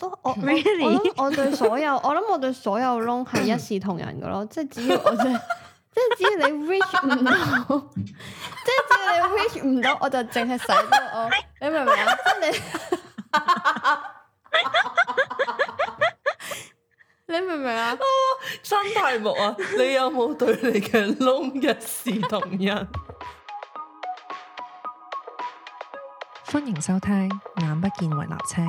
都我，我我，我對所有，我諗我對所有窿係一視同仁噶咯，即係只要我即係，即係只要你 reach 唔到，即係只要你 reach 唔到，我就淨係使到我，你明唔明啊？即係你 你明唔明啊？新題目啊，你有冇對你嘅窿一視同仁？歡迎收聽，眼不見為辣青。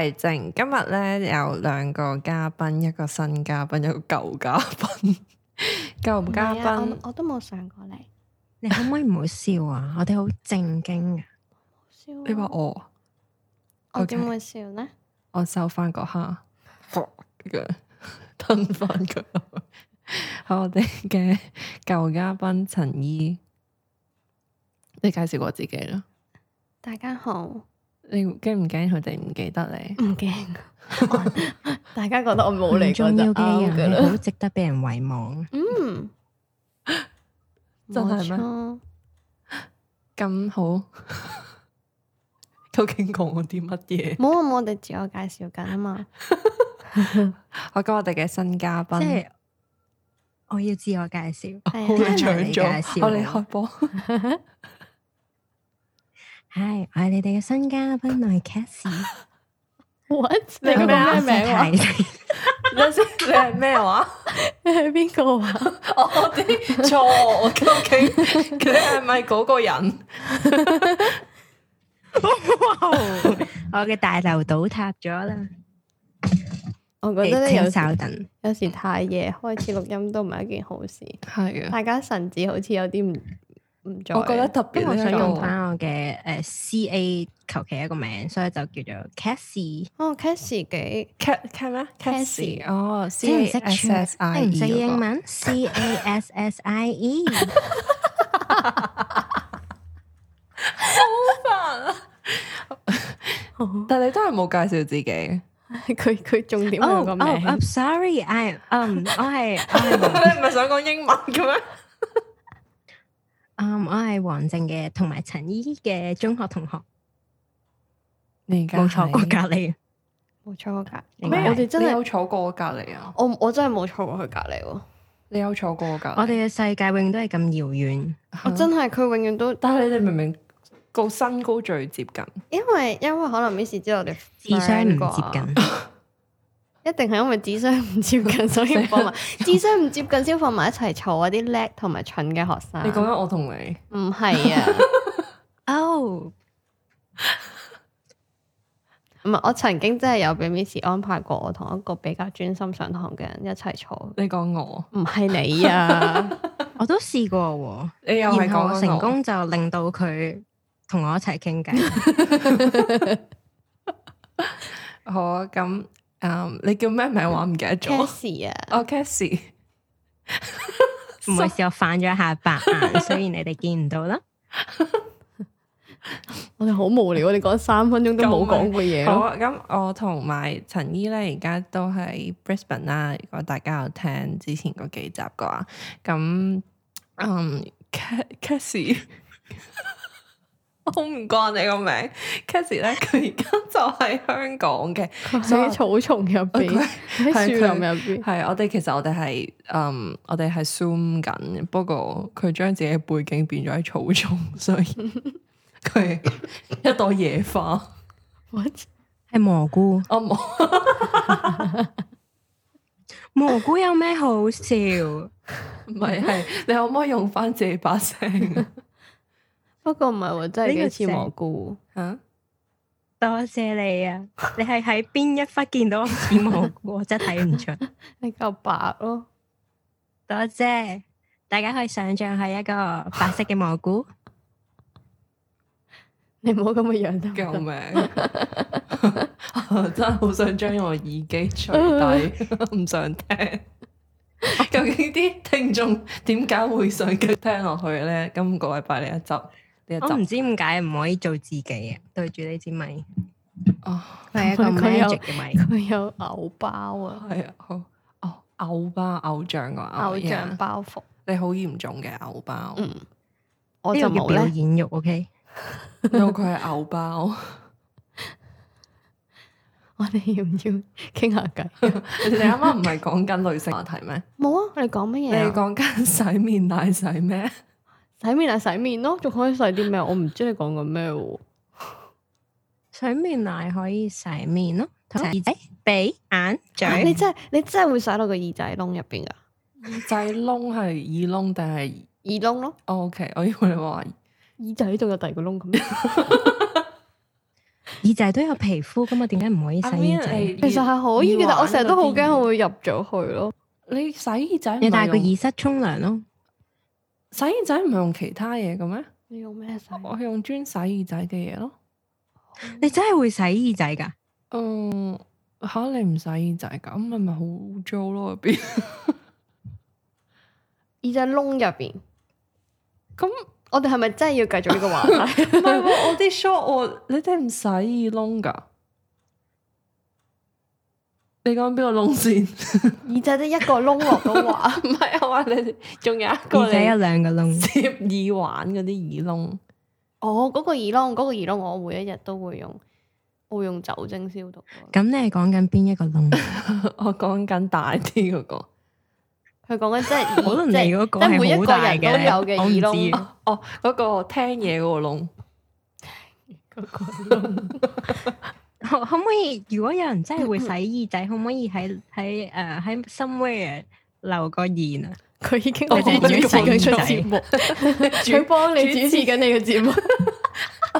係今日咧有兩個嘉賓，一個新嘉賓，一個舊嘉賓。舊 嘉賓賓、啊，我都冇上過嚟。你可唔可以唔好笑啊？ 我哋好正經嘅、啊。笑？你話我？我點會笑呢？Okay. 我收翻個蝦，學嘅 吞翻佢那。好， 我哋嘅舊嘉賓陳姨，你介紹過自己啦。大家好。你驚唔驚佢哋唔記得你？唔驚， 大家覺得我冇你重要好值得俾人遺忘。嗯，就係咯。咁錯麼好，究竟講我啲乜嘢？冇，好啊！我哋自我介紹緊啊嘛， 我講我哋嘅新嘉賓、即係，我要自我介紹，搶咗、啊，看看我哋、啊、開波。 係、啊 oh,，我係你哋嘅新嘉賓，我係 Cassie。What？你咩名啊？你係咩話？你係邊個啊？我啲錯，究竟佢係咪嗰個人？ 我嘅大樓倒塌咗啦！我覺得咧，有時太夜開始錄音都唔係一件好事。係啊的，大家神志好似有啲唔。唔，我覺得特別想用翻我嘅誒 C A 求其一個名，所以就叫做 Cassie。哦，Cassie 幾？Cat，cat 嗎？Cassie 哦，C A S S I E。你唔識英文？C A S S I E。好煩啊！但你真係冇介紹自己。佢佢重點係個名。I'm sorry，I，嗯，我係我係，你唔係想講英文嘅咩？啊！Um, 我係黃靜嘅，同埋陳依嘅中學同學。你而家冇坐過隔籬，啊，冇坐過隔離，啊。咩麼？我哋真係坐過我隔籬啊！我我真係冇坐過佢隔籬。你有坐過噶，啊？我哋嘅世界永遠都係咁遙遠。 我真係佢永遠都。但係你哋明明個身高最接近。嗯，因為因為可能以前知道你智商唔接近 一定係因為智商唔接近，所以放埋智商唔接近消防，先放埋一齊坐啲叻同埋蠢嘅學生。你講緊我同你？唔係啊，哦、 oh，唔係，我曾經真係有俾 Miss 安排過，我同一個比較專心上堂嘅人一齊坐。你講我？唔係你啊， 我都試過，啊，你又嗰個，然後成功就令到佢同我一齊傾偈。 好啊，咁。Um, 嗯，你叫咩名？我唔記得咗。c a s 啊，我 Cassie，唔係，候反咗下白眼， 所以你哋見唔到啦。 我哋好無聊，你講三分鐘都冇講過嘢。好咁，嗯、我同埋陳姨咧，而家都喺 Brisbane 啦。如果大家有聽之前嗰幾集嘅話，咁嗯，Cassie。Cass 我唔慣你個名 Cassie 佢而家就喺香港嘅，喺草叢入邊，喺樹林入邊。係我哋，其實我哋係，嗯、um,，我哋係 zoom 緊，不過佢將自己背景變咗喺草叢，所以佢一朵野花 ，what 係 蘑菇？啊，冇蘑菇有咩好笑？唔係， 係你可唔可以用翻自己把聲？不過唔係，我真係幾似蘑菇。吓，啊、多謝你啊！你係喺邊一忽見到似蘑菇？我真係睇唔出， 你夠白咯、哦。多謝大家可以想象係一個白色嘅蘑菇。 你唔好咁嘅樣得，救命！ 我真係好想將我耳機取低，唔 想聽。 究竟啲聽眾點解會想繼續聽落去咧？今個禮拜嚟一集。我唔知點解唔可以做自己啊！對住呢支咪，哦，係一個 magic 嘅咪，佢有偶包啊，係啊，好哦，偶包偶像個偶像包袱，你好嚴重嘅偶包，嗯，呢個叫表演欲，OK，因為佢係偶包，我哋要唔要傾下偈？你啱啱唔係講緊女性話題咩？冇啊，你講乜嘢？你講緊洗面奶洗咩？洗面奶洗面咯，仲可以洗啲咩？我唔知你講緊咩。洗面奶可以洗面咯，同耳仔、鼻、眼、嘴。你真係你真係會洗到個耳仔窿入邊噶？耳仔窿係耳窿定係耳窿咯？O K，我以為你話耳仔都有第二個窿咁樣。耳仔都有皮膚噶嘛？點解唔可以洗耳仔？其實係可以嘅，但我成日都好驚會入咗去咯。你洗耳仔，你帶個耳塞沖涼咯。洗耳仔唔係用其他嘢嘅咩？你用咩洗？我係用專洗耳仔嘅嘢咯。你真係會洗耳仔噶？嗯，吓你唔洗耳仔噶，咁咪咪好污糟咯入邊。耳仔窿入邊，咁那我哋係咪真係要繼續呢個話題？係， 我啲 short，我你哋真係唔洗耳窿噶。你講邊個窿先？ 耳仔得一個窿我咁話，唔係啊，話你，仲有一個你有兩個窿，接 耳環嗰啲耳窿。哦，嗰、那個耳窿，嗰、那個耳窿，我每一日都會用，我會用酒精消毒。咁 你係講緊邊一個窿？ 我講緊大啲嗰、那個。佢講緊即係，即係嗰 個係每一個人都有嘅耳窿。哦，嗰、那個聽嘢嗰個窿。嗰個窿。可唔可以，如果有人真係會洗耳仔，嗯、可唔可以喺喺誒喺 somewhere 留個言啊？佢已經我哋主持嘅節目，主播 你主持緊你嘅節目，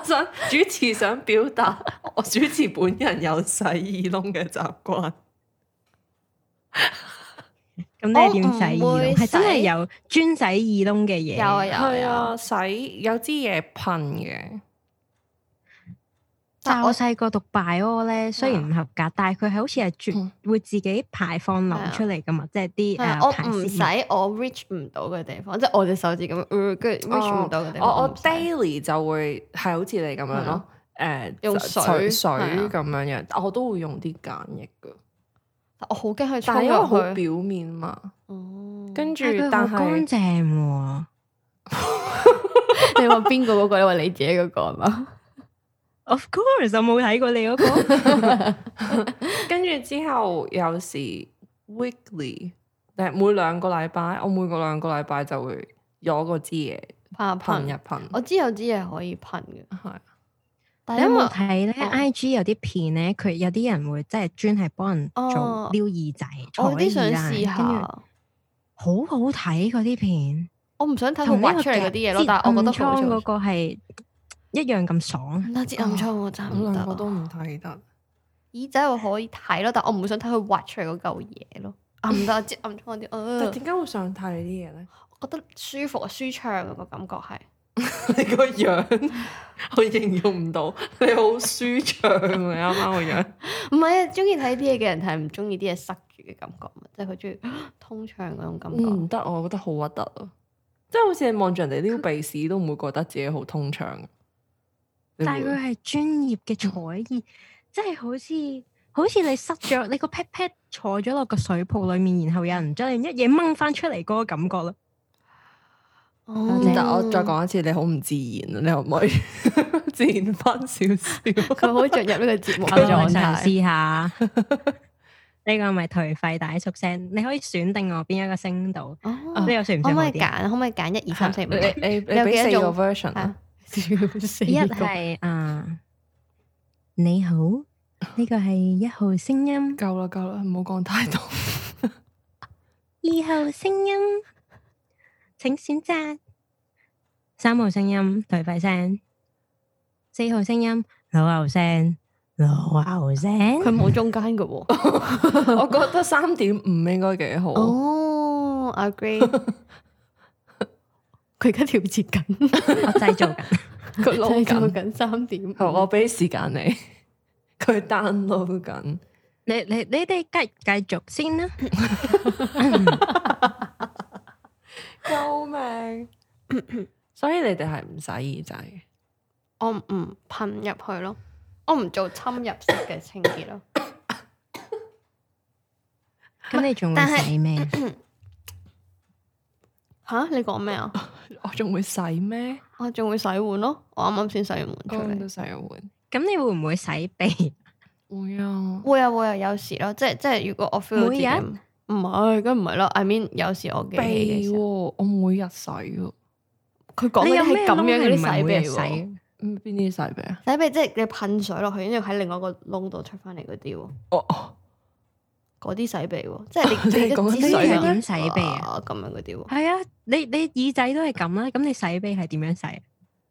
想 主持想表達我主持本人有洗耳窿嘅習慣。咁 你點洗耳？係真係有專洗耳窿嘅嘢。有啊有。係啊，嗯、洗有支嘢噴嘅。但我細個讀 bio 咧，雖然唔合格，但係佢係好似係會自己排放流出嚟噶嘛，即係啲我唔使我 reach 唔到嘅地方，即係我隻手指咁，跟住 reach 唔到嘅地方。我我 daily 就會係好似你咁樣咯，誒用水水咁樣樣，我都會用啲鹼液噶。我好驚佢，但係因為好表面嘛。哦，跟住但係乾淨。你話邊個嗰個？你話你自己嗰個係嘛？Of course，我冇睇過你嗰個。跟住之後有時 weekly，但每兩個禮拜，我每個兩個禮拜就會攞嗰支嘢，怕噴一噴。噴一噴我知有支嘢可以噴嘅，係對但係有冇睇咧 IG 有啲片咧，佢有啲人會即係專係幫人做撩耳仔，噢我啲想試下。好好睇嗰啲片，我唔想睇套出嚟嗰啲嘢咯，但係我覺得好。嗰個係。一樣咁爽，暗得接暗瘡我真係唔得，我都唔睇得。耳仔我可以睇咯，但我唔會想睇佢挖出嚟嗰嚿嘢咯。暗得接暗瘡嗰啲，誒，點解會想睇啲嘢咧？覺得舒服舒暢啊，個感覺係。你個樣，我形容唔到，你好舒暢，你啱啱個樣，唔係啊，中意睇啲嘢嘅人係唔中意啲嘢塞住嘅感覺，即係佢中意通暢嗰種感覺。唔得，我覺得好核突咯，即係好似你望住人哋啲鼻屎都唔會覺得自己好通暢。但係佢係專業嘅彩意，即係好似好似你塞咗你個 pat pat 坐咗落個水泡裏面，然後有人將你一嘢掹翻出嚟嗰個感覺咯。哦、但我再講一次，你好唔自然，你可唔可以自然翻少少？佢好進入呢個節目， 我嘗試下。呢 個咪頹廢大叔聲，你可以選定我邊一個聲度？呢、哦、個可唔、啊、可以揀？可唔可以揀一二三四五？ 你有幾多個 version 啊？啊一係啊，uh, 你好，呢個係一號聲音。夠啦，夠啦，唔好講太多。 二號聲音，請選擇。三號聲音頹廢聲。 四號聲音老牛聲，老牛聲。佢冇 中間嘅， 我覺得三點五應該幾好。哦、oh, I，agree。 佢而家調節緊，我製造緊，佢 load 緊三點。好，我俾時間你，佢 download 緊。你你你哋繼繼續先啦， 救命！ 所以你哋係唔使耳仔？我唔噴入去咯，我唔做侵入式嘅清潔咯。咁 你仲會洗咩？ 吓、啊，你講咩啊？我仲會洗咩？我仲、啊、會洗碗咯。我啱啱先洗完碗出嚟，我都洗完碗。咁你會唔會洗鼻？會啊，會啊會啊，有時咯，即係即係如果我 feel 到啲。每日唔係，梗唔係啦。I mean，有時我嘅鼻、哦，我每日洗噶。佢講嘅係咁樣嘅，唔係每日洗。邊啲洗，洗鼻啊？洗鼻即係你噴水落去，跟住喺另外一個窿度出翻嚟嗰啲。哦。嗰啲洗鼻喎，即係你你支鹽水點洗鼻啊？咁樣嗰啲喎，係啊，你你耳仔都係咁啦，咁你洗鼻係點樣洗？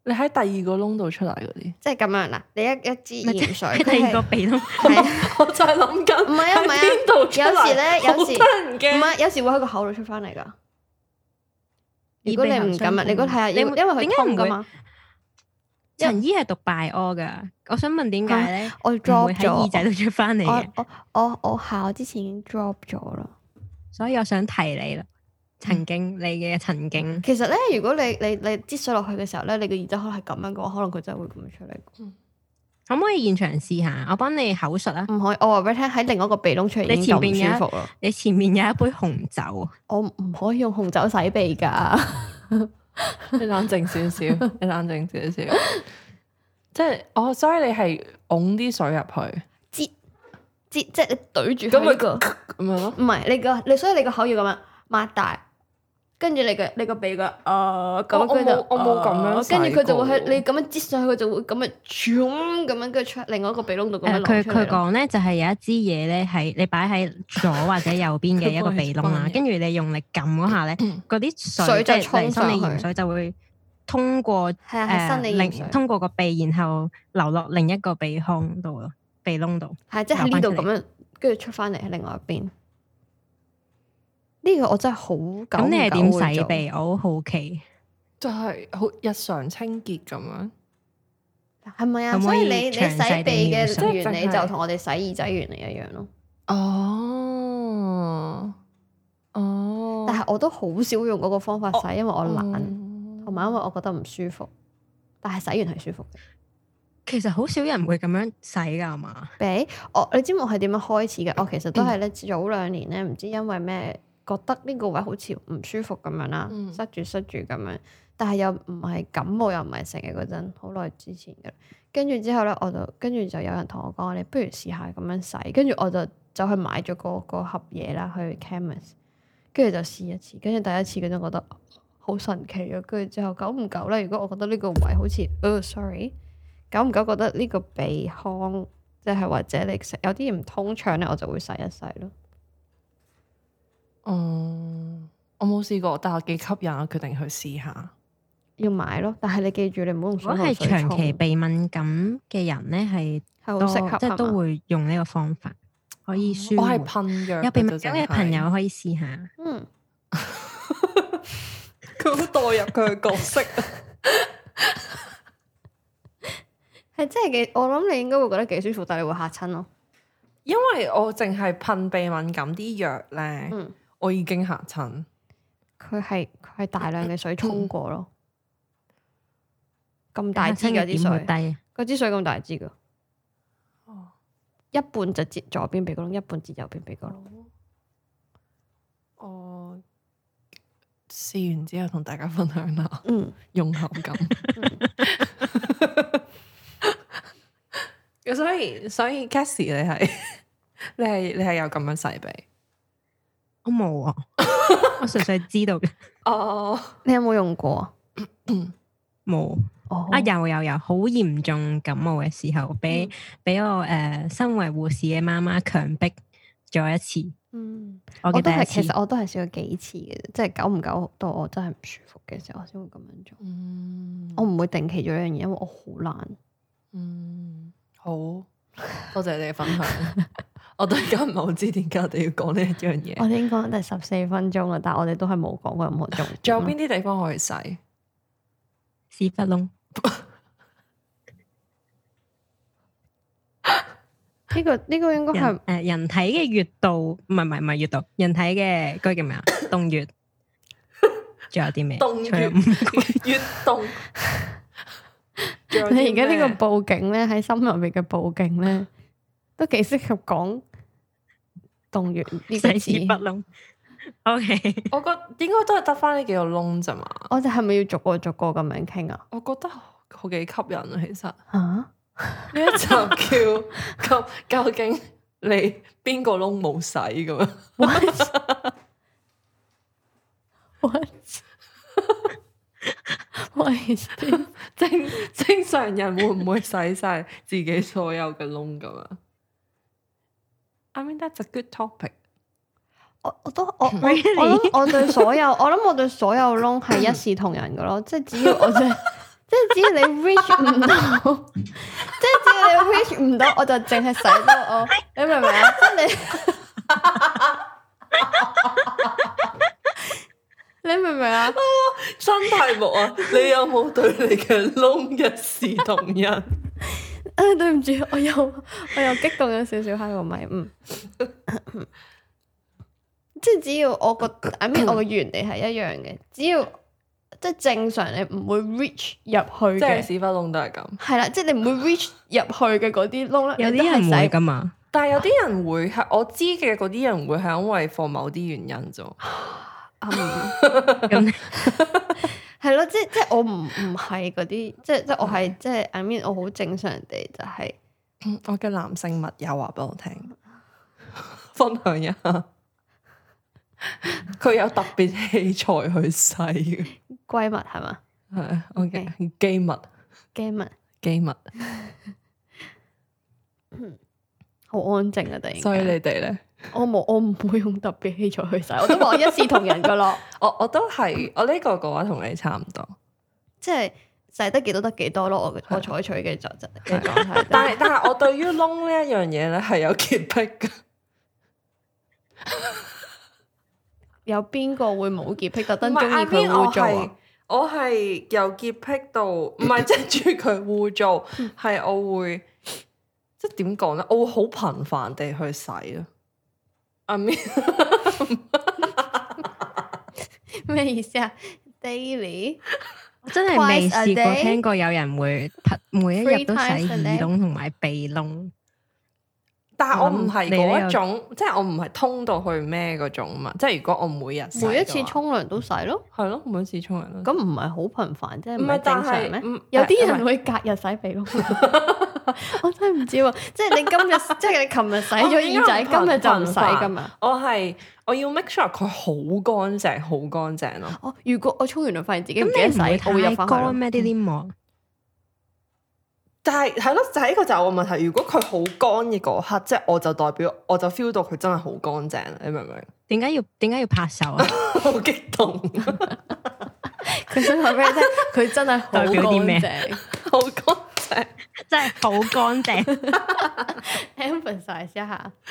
你喺第二個窿度出嚟嗰啲，即係咁樣啦。你一一支鹽水第二個鼻窿，我我就係諗緊，唔係啊唔係啊，有時咧有時驚，唔係有時會喺個口度出翻嚟噶。如果你唔咁啊，你覺得係啊，因為點解唔會啊？陳姨係讀拜 i o 噶我想問點解咧？唔會咗耳仔都出翻嚟嘅。我我我考之前已經 drop 咗啦，所以我想提你啦，曾經、嗯、你嘅曾經。其實咧，如果你你你滴水落去嘅時候咧，你個耳仔可能係咁樣嘅話，可能佢真係會咁樣出嚟。嗯、可唔可以現場試下？我幫你口述啊。唔可以，我話俾你聽，喺另一個鼻窿，出，你前面有，你前面有一杯紅酒，我唔可以用紅酒洗鼻噶 你冷靜少少，你冷靜少少， 即係哦，所以你係拱啲水入去，接接即係你懟住，咁咪，這個，咁咪咯，唔係你個，樣你所以你個口要咁樣擘大。跟住你個你個鼻個，誒咁樣跟住，我冇我冇咁樣。跟住佢就會喺你咁樣擠上去，佢就會咁樣咁樣跟住出另外一個鼻窿度。佢佢講咧就係有一支嘢咧，係你擺喺左或者右邊嘅一個鼻窿啊。跟住你用力撳嗰下咧，嗰啲水即係生理鹽水就會通過誒，另通過個鼻，然後流落另一個鼻腔度咯，鼻窿度。係即係呢度咁樣，跟住出翻嚟喺另外一邊。呢個我真係好咁，咁你係點洗鼻？我好好奇，就係好日常清潔咁樣，係咪啊？能能所以你你洗鼻嘅原理是就同我哋洗耳仔原理一樣咯。哦，哦，但係我都好少用嗰個方法洗，哦、因為我懶，同埋、哦、因為我覺得唔舒服。但係洗完係舒服嘅。其實好少人會咁樣洗噶，係嘛？俾我，你知我係點樣開始嘅？我其實都係咧，早兩年咧，唔知因為咩？覺得呢個位好似唔舒服咁樣啦，嗯、塞住塞住咁樣，但係又唔係感冒又唔係成日嗰陣，好耐之前嘅。跟住之後咧，我就跟住就有人同我講，你不如試下咁樣洗。跟住我就就去買咗個，個盒嘢啦，去 Chemist。跟住就試一次，跟住第一次嗰陣就覺得好神奇咗、啊。跟住之後久唔久咧，如果我覺得呢個位好似，誒、 哦、sorry，久唔久覺得呢個鼻腔即係、就是、或者你食有啲唔通暢咧，我就會洗一洗咯。哦、嗯，我冇試過，但係幾吸引，我決定去試下，要買咯。但係你記住你，你唔好用。如果係長期鼻敏感嘅人咧，係都適合，即係都會用呢個方法，嗯、可以舒緩。我係噴藥，有鼻敏感嘅朋友可以試下。嗯，佢好 代入佢嘅角色啊，係真係幾。我諗你應該會覺得幾舒服，但係會嚇親咯。因為我淨係噴鼻敏感啲藥咧，嗯我已經嚇親，佢係佢係大量嘅水沖過咯，咁、嗯、大支嗰水，嗰支水咁大支㗎，哦，一，一半就接左邊鼻哥窿，一半接右邊鼻哥窿，哦，試完之後同大家分享下，嗯，融合感，所以所以 Cassie 你係你係你係有咁樣洗鼻。都冇啊！我純粹知道嘅。哦，你有冇用過？冇。啊，有有有，好嚴重感冒嘅時候，俾俾我誒，身為護士嘅媽媽強迫咗一次。嗯，我都係其實我都係試過幾次嘅，即係久唔久到我真係唔舒服嘅時候，我先會咁樣做。嗯，我唔會定期做一樣嘢，因為我好懶。嗯，好多謝你嘅分享。我都而家唔係好知點解我哋要講呢一樣嘢。我哋應該都十四分鐘啊，但係我哋都係冇講過任何鐘。仲有邊啲地方可以洗？屎忽窿？呢個呢個應該係誒人體嘅穴道，唔係唔係唔係穴道，人體嘅嗰個叫咩啊？洞穴？仲 有啲咩？洞穴？唔穴？穴洞？你而家呢個報警咧，喺心入面嘅報警咧，都幾適合講。動完呢、這個鉛筆窿，OK，我覺得應該都係得翻呢幾個窿咋嘛。我哋係咪要逐個逐個咁樣傾啊？我覺得好幾吸引啊，其實。啊？呢一集叫《 究竟你邊個窿冇使》咁啊 What？What？正正常人會唔會使晒自己所有嘅窿咁啊？I mean that's a good topic。我我都我都我我我對所有我諗我對所有窿係一視同仁噶咯，即係只要我，就是，即係即係只要你 reach 唔到，即係只要你 reach 唔到，我就淨係使多我，你明唔明啊？即係你，你明唔明啊？新題目啊，你有冇對你嘅窿一視同仁？ 對唔住，我又我又激動咗少少喺個咪，嗯， 即係只要我個，I mean 我個原理係一樣嘅，只要即係正常你唔會 reach 入去嘅。屎忽窿都係咁，係啦，即係你唔會 reach 入去嘅嗰啲窿咧， 有啲人唔會噶嘛， 但係有啲人會係，我知嘅嗰啲人會係因為放某啲原因啫。 係咯，即係即係我唔唔係嗰啲，即係 即係我係即係，I mean 我好正常哋就係，是，我嘅男性密友話俾我聽， 分享一下，佢 有特別器材去洗嘅，閨蜜係嘛，係 ，OK 機密，機密，機密，好安靜啊，對，所以你哋咧。我冇，我唔會用特別器材去洗，我都話一視同仁噶咯。我都我都係我呢個嘅話同你差唔多，即係洗得幾多得幾多咯。我 我採取嘅就就嘅狀態，但係但係我對於窿呢一樣嘢咧係有潔癖噶， 有邊個會冇潔癖？特登中意佢污糟啊！我係由潔癖到唔係執住佢污糟，係我會即係點講咧？我會好頻繁地去洗咯。啊咩？ 咩意思啊？Daily，我真係未試過聽過有人會每一日都洗耳窿同埋鼻窿。但係我唔係嗰一種，即係我唔係通到去咩嗰種嘛。即係如果我每日每一次沖涼都洗咯，係咯，每一次沖涼咯，咁唔係好頻繁，即係唔係正常咩？有啲人會隔日洗鼻窿。我真係唔知喎，即係你今日，即係你琴日洗咗耳仔，今日就唔洗噶嘛？我係我要 make sure 佢好乾淨，好乾淨咯。哦，如果我沖完涼發現自己唔記得洗，我會入返。但係係咯，就係、是、呢個我嘅問題。如果佢好乾嘅嗰刻，即、就、係、是、我就代表我就 feel 到佢真係好乾淨，你明唔明？點解要點解要拍手啊？ 好激動！ 佢想話畀你聽？佢真係代表啲咩？好乾淨， 真係好乾淨。massage 一下。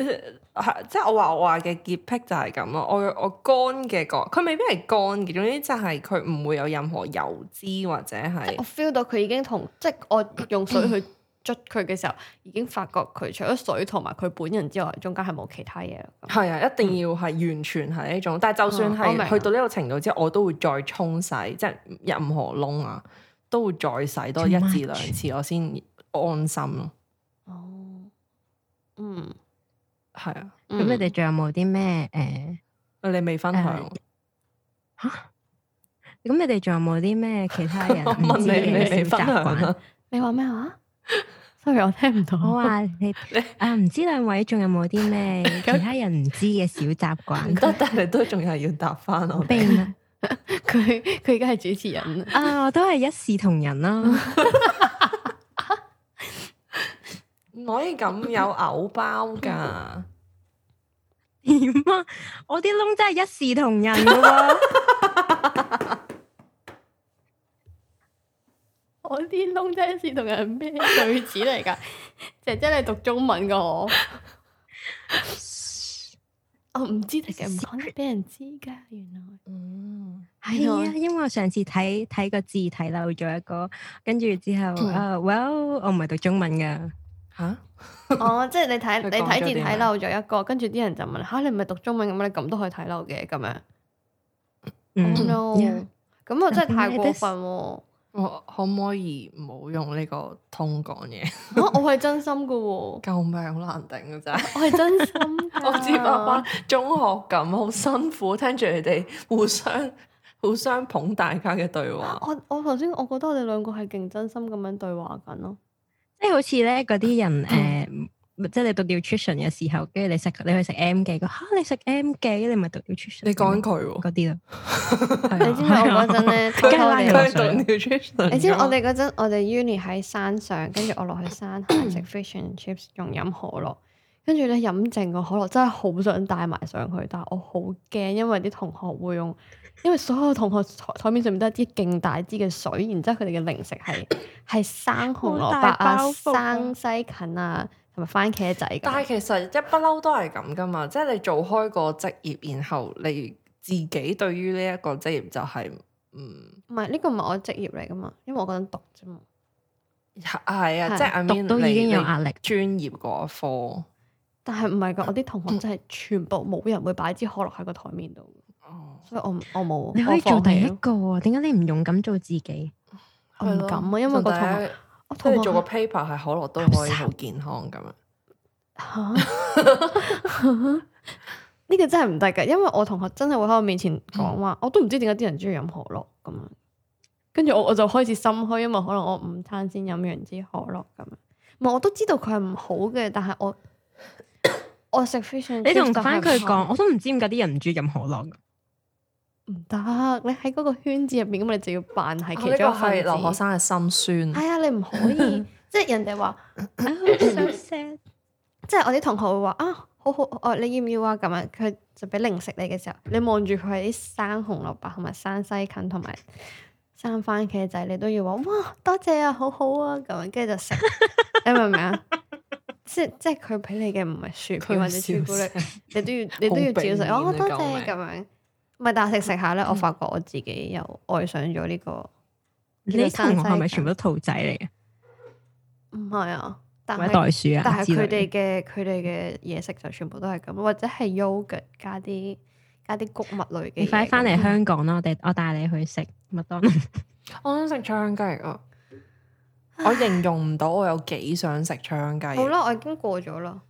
即係 我話我話嘅潔癖就係咁咯，我我乾嘅個，佢未必係乾嘅，總之就係佢唔會有任何油脂或者係。我 feel 到佢已經同即係、就是、我用水去捽佢嘅時候， 已經發覺佢除咗水同埋佢本人之外，中間係冇其他嘢。係啊，一定要係、嗯、完全係呢種，但係就算係、嗯、去到呢個程度之後，我都會再沖洗，即係任何窿啊，都會再洗多一至兩次， 我先安心咯。哦，oh，嗯。係啊，咁、嗯呃啊、你哋仲有冇啲咩誒？你未分享。吓、啊，咁你哋仲有冇啲咩其他人唔知嘅小習慣？你話咩話？Sorry，我聽唔到。我話你，你啊，唔知兩位仲有冇啲咩其他人唔知嘅小習慣？都 但係都仲係要答翻我。佢佢而家係主持人啊，我都係一視同仁啦。 唔可以咁有偶包噶！點啊？我啲窿真係一視同仁喎！我啲窿真係一視同仁，咩句子嚟噶？姐姐你讀中文噶，我唔知得嘅，唔可以俾人知噶。原來，嗯，係啊，因為我上次睇睇個字睇漏咗一個，跟住之後啊，Well，我唔係讀中文噶。吓？啊、哦，即係你睇你睇字睇漏咗一個，跟住啲人就問：吓、啊，你唔係讀中文嘅咩？你咁都可以睇漏嘅？咁樣，嗯，咁啊，真係太過分喎！可可唔可以唔好用呢個 tone 講嘢？我係真心噶喎、啊！救命，難頂啊！咋！ 我係真心。 我知爸爸，中學咁好辛苦，聽住你哋互相互相捧大家嘅對話。 我我頭先我，我，我覺得我哋兩個係勁真心咁樣對話緊咯。即係好似咧，嗰啲人誒、嗯呃，即係你讀 nutrition 嘅時候，跟住你食你去食 M 記，個嚇你食 M 記，你咪讀 nutrition。你講佢喎嗰啲啊！你知唔知我嗰陣咧？梗係啦，又讀 nutrition。你知我哋嗰陣，我哋 uni 喺山上，跟住我落去山下食 f i s h a n d c h i p s 仲飲可樂。跟住咧，飲剩個可樂，真係好想帶埋上去，但係我好驚，因為啲同學會用。因為所有同學台台面上面都係啲勁大支嘅水，然之後佢哋嘅零食係係 生紅蘿蔔大包啊、生西芹啊，同埋番茄仔。但係其實一不嬲都係咁噶嘛，即係你做開個職業，然後你自己對於呢一個職業就係唔唔係呢個唔係我職業嚟噶嘛，因為我嗰陣讀啫嘛。係 啊，即係讀都已經有壓力，專業嗰科。但係唔係噶，我啲同學真係全部冇人會擺支可樂喺個台面度。所以我我冇你可以做第一個啊。點解你唔勇敢做自己？我唔敢啊，因為我同學我同學做個 paper 係可樂都可以好健康咁啊！呢個真係唔得噶，因為我同學真係會喺我面前講話，我都唔知點解啲人中意飲可樂咁啊！跟住我我就開始心虛因為，可能我午餐先飲完支可樂咁，唔係我都知道佢係唔好嘅，但係我我食非常你同翻佢講，我都唔知點解啲人唔中意飲可樂。唔得，你喺嗰個圈子入邊，咁你就要扮係其中一個分子。我呢個係留學生嘅心酸。係啊，你唔可以，即係人哋話，即係我啲同學會話啊，好好哦，你要唔要啊？咁樣佢就俾零食你嘅時候，你望住佢啲生紅蘿蔔同埋生西芹同埋生番茄仔，你都要話哇多謝啊，好好啊咁樣，跟住就食，你明唔明啊？即係即係佢俾你嘅唔係薯片或者巧克力，你都要你都要照食，哦多謝咁樣。咪但食食下咧，嗯、我發覺我自己又愛上咗呢個。呢啲同學係咪全部都兔仔嚟嘅？唔係啊，但袋鼠啊，但係佢哋嘅佢哋嘅嘢食就全部都係咁，或者係 yogurt 加啲加啲穀物類嘅。你快啲翻嚟香港啦！嗯、我哋我帶你去食麥當勞。我想食槍雞啊！ 我形容唔到我有幾想食槍雞。 好啦，我已經過咗啦。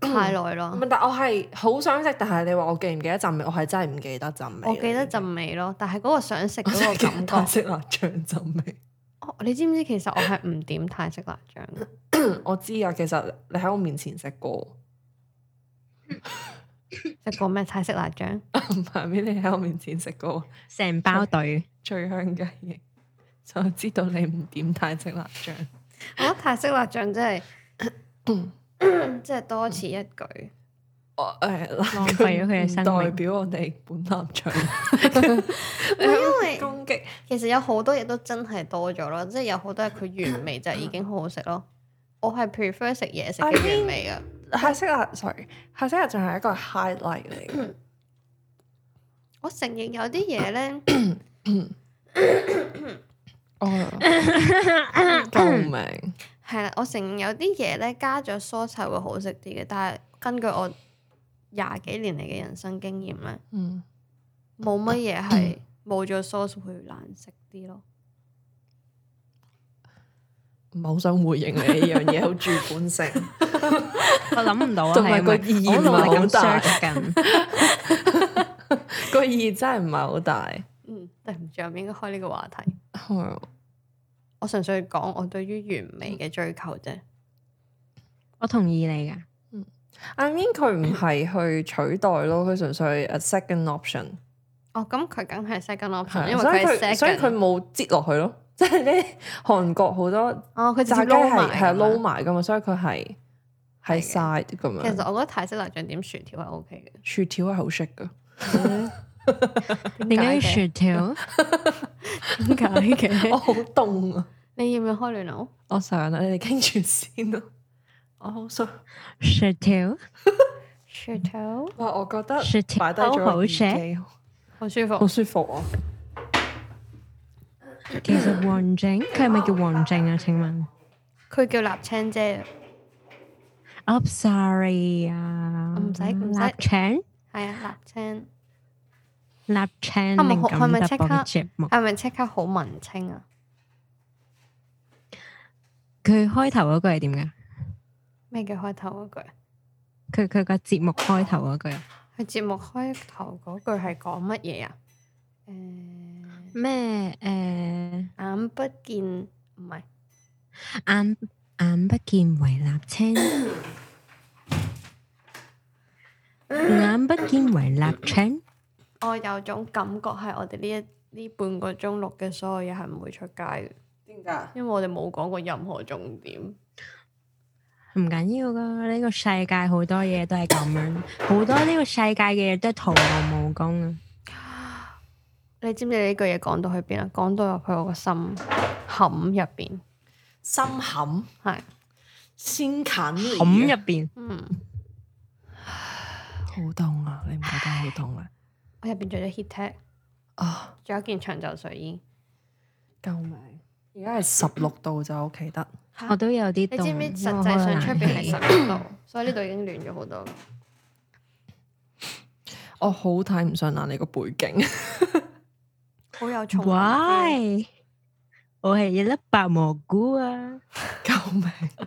太耐咯，但我係好想食，但係你話我記唔記得陣味，我係真係唔記得陣味，我記得陣味咯，但係嗰個想食嗰個感覺。泰式辣醬陣味，哦，你知唔知其實我係唔點泰式辣醬？ 我知啊，其實你喺我面前食過，食過咩泰式辣醬？唔係 你喺我面前食過成包堆，最香雞翼，就知道你唔點泰式辣醬。我覺得泰式辣醬真係。 即係多此一舉，我誒，浪費咗佢嘅生命，代表我哋本男長。因為攻擊，其實有好多嘢都真係多咗咯，即係有好多嘢佢原味就已經好好食咯。我係 prefer 食嘢食嘅原味噶。黑色呀 sorry，黑色呀就係一個 highlight 嚟嘅。我承認有啲嘢咧，哦，救命！係啦，我承認有啲嘢咧，加咗蔬菜會好食啲嘅，但係根據我廿幾年嚟嘅人生經驗咧，冇乜嘢係冇咗蔬菜 u c 會難食啲咯。唔好想回應你呢樣嘢好主觀性， 我諗唔到啊，係咪個意義唔係好大嘅？個意義真係唔係好大。嗯，對唔住，我唔應該開呢個話題。我純粹講我對於完美嘅追求啫，我同意你噶。嗯，I mean 佢唔係去取代咯，佢純粹係 second option。哦，咁佢梗係 second option，的因為佢所以佢冇擠落去咯。即係啲韓國好多哦，佢炸雞撈埋係撈埋噶嘛，所以佢係係 side 咁樣。其實我覺得泰式辣醬點薯條係 OK 嘅，薯條係好食噶。 點解要雪條？點解嘅？我好凍啊！你要唔要開暖爐？我想啊，你哋傾住先咯。我好想雪條，雪條。哇，我覺得擺低咗好舒服，好舒服，好舒服啊！其實黃靖佢係咪叫黃靖啊？請問佢叫立青姐啊？I'm sorry 啊，唔使，咁立青係啊，立青。立青，係咪係咪即刻？係咪即刻好文青啊？佢開頭嗰句係點噶？咩叫開頭嗰句？佢佢個節目開頭嗰句？佢節目開頭嗰句係講乜嘢啊？誒，咩誒？眼不見唔係眼眼不見為立青，眼不見為立青。我有種感覺係我哋呢一呢半個鐘錄嘅所有嘢係唔會出街嘅。點解？因為我哋冇講過任何重點。唔緊要㗎，呢、這個世界好多嘢都係咁樣，好 多呢個世界嘅嘢都係徒勞無功啊！你知唔知你呢句嘢講到去邊啊？講到入去我個心，心坎入邊，心是坎係先近坎入邊。嗯， 好痛啊！你唔覺得好痛啊？ 我入邊着咗 heat tech，哦，着一件長袖睡衣。救命！而家係十六度就屋企得，我都有啲。你知唔知實際上出邊係十五度， 所以呢度已經暖咗好多。我好睇唔上眼你個背景， 好有重、啊。Why？我係一粒白蘑菇啊！救命！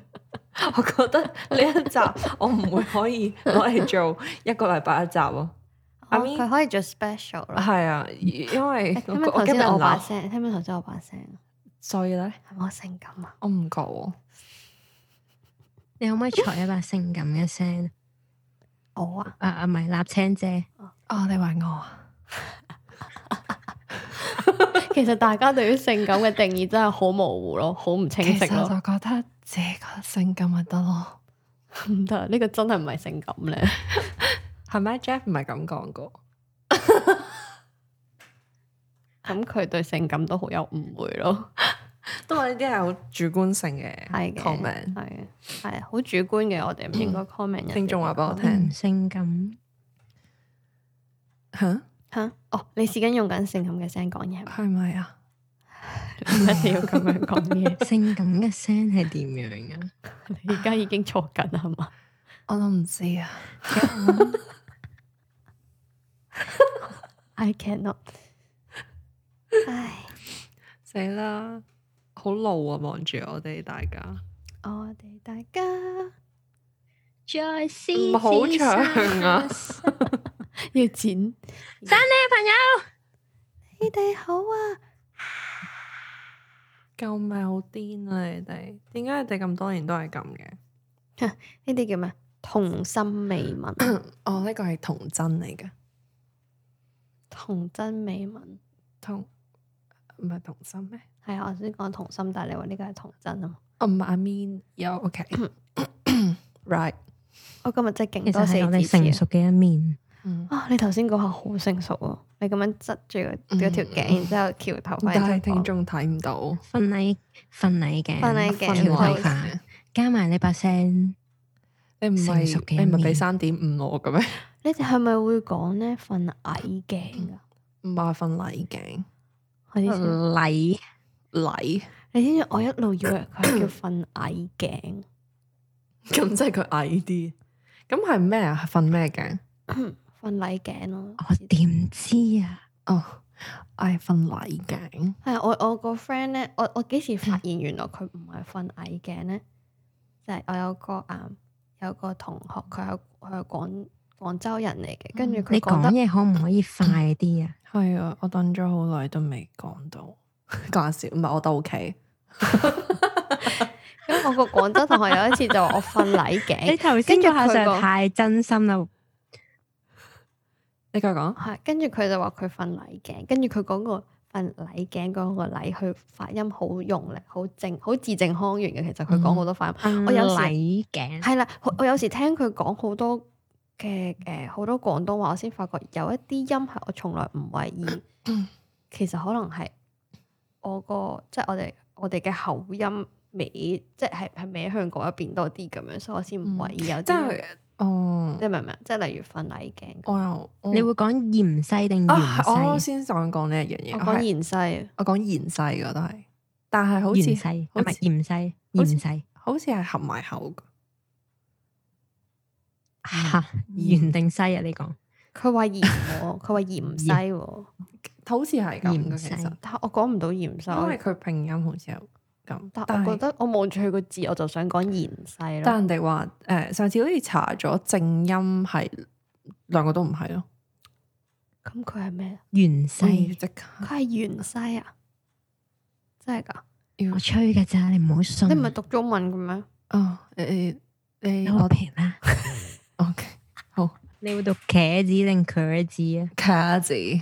我覺得呢一集我唔會可以攞嚟做一個禮拜一集咯、啊。佢可以做 special 咯，係啊，因為聽唔聽唔到我把聲？聽唔到？唔到我把聲？所以咧，係咪性感啊？我唔覺喎，你可唔可以採一把性感嘅聲？我啊，啊啊，唔係立青姐，哦，你話我啊？其實大家對於性感嘅定義真係好模糊咯，好唔清晰，我就覺得這個性感咪得咯？唔得，呢個真係唔係性感咧。係咪 Jeff 唔係咁講過？咁佢 對性感都好有誤會咯， 都話呢啲係好主觀性嘅 comment，係嘅，係好主觀嘅，我哋唔應該 comment。聽眾話俾我聽，嗯，性感，吓、啊、吓、啊，哦，你試緊用緊性感嘅聲講嘢，係咪啊？你要咁樣講嘢， 性感嘅聲係點樣啊？你而家已經錯緊啦，係嘛？我都唔知啊。 I cannot， 唉，死啦！好老啊，望住我哋大家， 我哋大家再獅好山長啊， 要剪你嘅朋友， 你哋好啊？咁咪好癲啊！你哋點解你哋咁多年都係咁嘅？呢 啲叫咩？童心未泯。 哦，呢個係童真嚟嘅。童真美文，同唔係童心咩？係啊，我先講童心，但係你話呢個係童真啊？嘛？哦，唔係 I mean，有 OK，right？我今日真係勁多我哋成熟嘅一面，嗯，啊！你頭先嗰下好成熟，嗯嗯，啊！你咁樣側住嗰條頸，然之後翹頭髮，但係聽眾睇唔到婚禮婚禮嘅婚禮嘅頭髮加埋你把聲。你唔係你唔係俾三點五我嘅咩？你哋係咪會講咧瞓矮鏡噶、啊？唔係瞓矮鏡，係啲禮禮。你知唔知我一路以為佢叫瞓矮鏡？咁即係佢矮啲。咁係咩啊？瞓咩鏡？瞓禮鏡咯。我點知啊？哦，係瞓禮鏡。係啊，我我個 friend 咧，我呢我幾時發現原來佢唔係瞓矮鏡咧？就係我有個啊。 有個同學，佢係佢係廣廣州人嚟嘅，跟住佢講嘢可唔可以快啲啊？係啊，我等咗好耐都未講到，搞笑唔係我都 OK。因為我個廣州同學有一次就話我瞓禮頸，你頭先講太真心啦。你繼續講。係、 嗯，跟住佢就話佢瞓禮頸，跟住佢講個。份禮鏡嗰個禮，佢發音好用力，好、嗯、正，好字正腔圓嘅。其實佢講好多發音，我有禮鏡係啦，我有時聽佢講好多嘅，誒、好、呃、多廣東話，我先發覺有一啲音係我從來唔為意，嗯嗯、其實可能係我個即係我哋我哋嘅口音尾，即係係歪向嗰一邊多啲咁樣，所以我先唔為意有。嗯就是哦，你明唔明？即係例如瞓禮頸，我你會講嚴西定嚴西？啊，我先想講呢一樣嘢，我講嚴西，我講嚴西嘅都係，但係好似，唔係嚴西，嚴西好似係合埋口嘅吓，嚴定 西啊？你講，佢話嚴，佢話嚴西，好似係咁嘅，其實，但係我講唔到嚴西，因為佢拼音好似有。咁，但係我覺得我望住佢個字，我就想講芫西咯。但人哋話，誒上次好似查咗正音，係兩個都唔係咯。咁佢係咩？芫西，佢係芫西啊！真係噶，我吹嘅咋，你唔好信。你唔係讀中文嘅咩？哦，誒誒，我停啦。OK，好，你會讀茄子定茄子啊？茄子。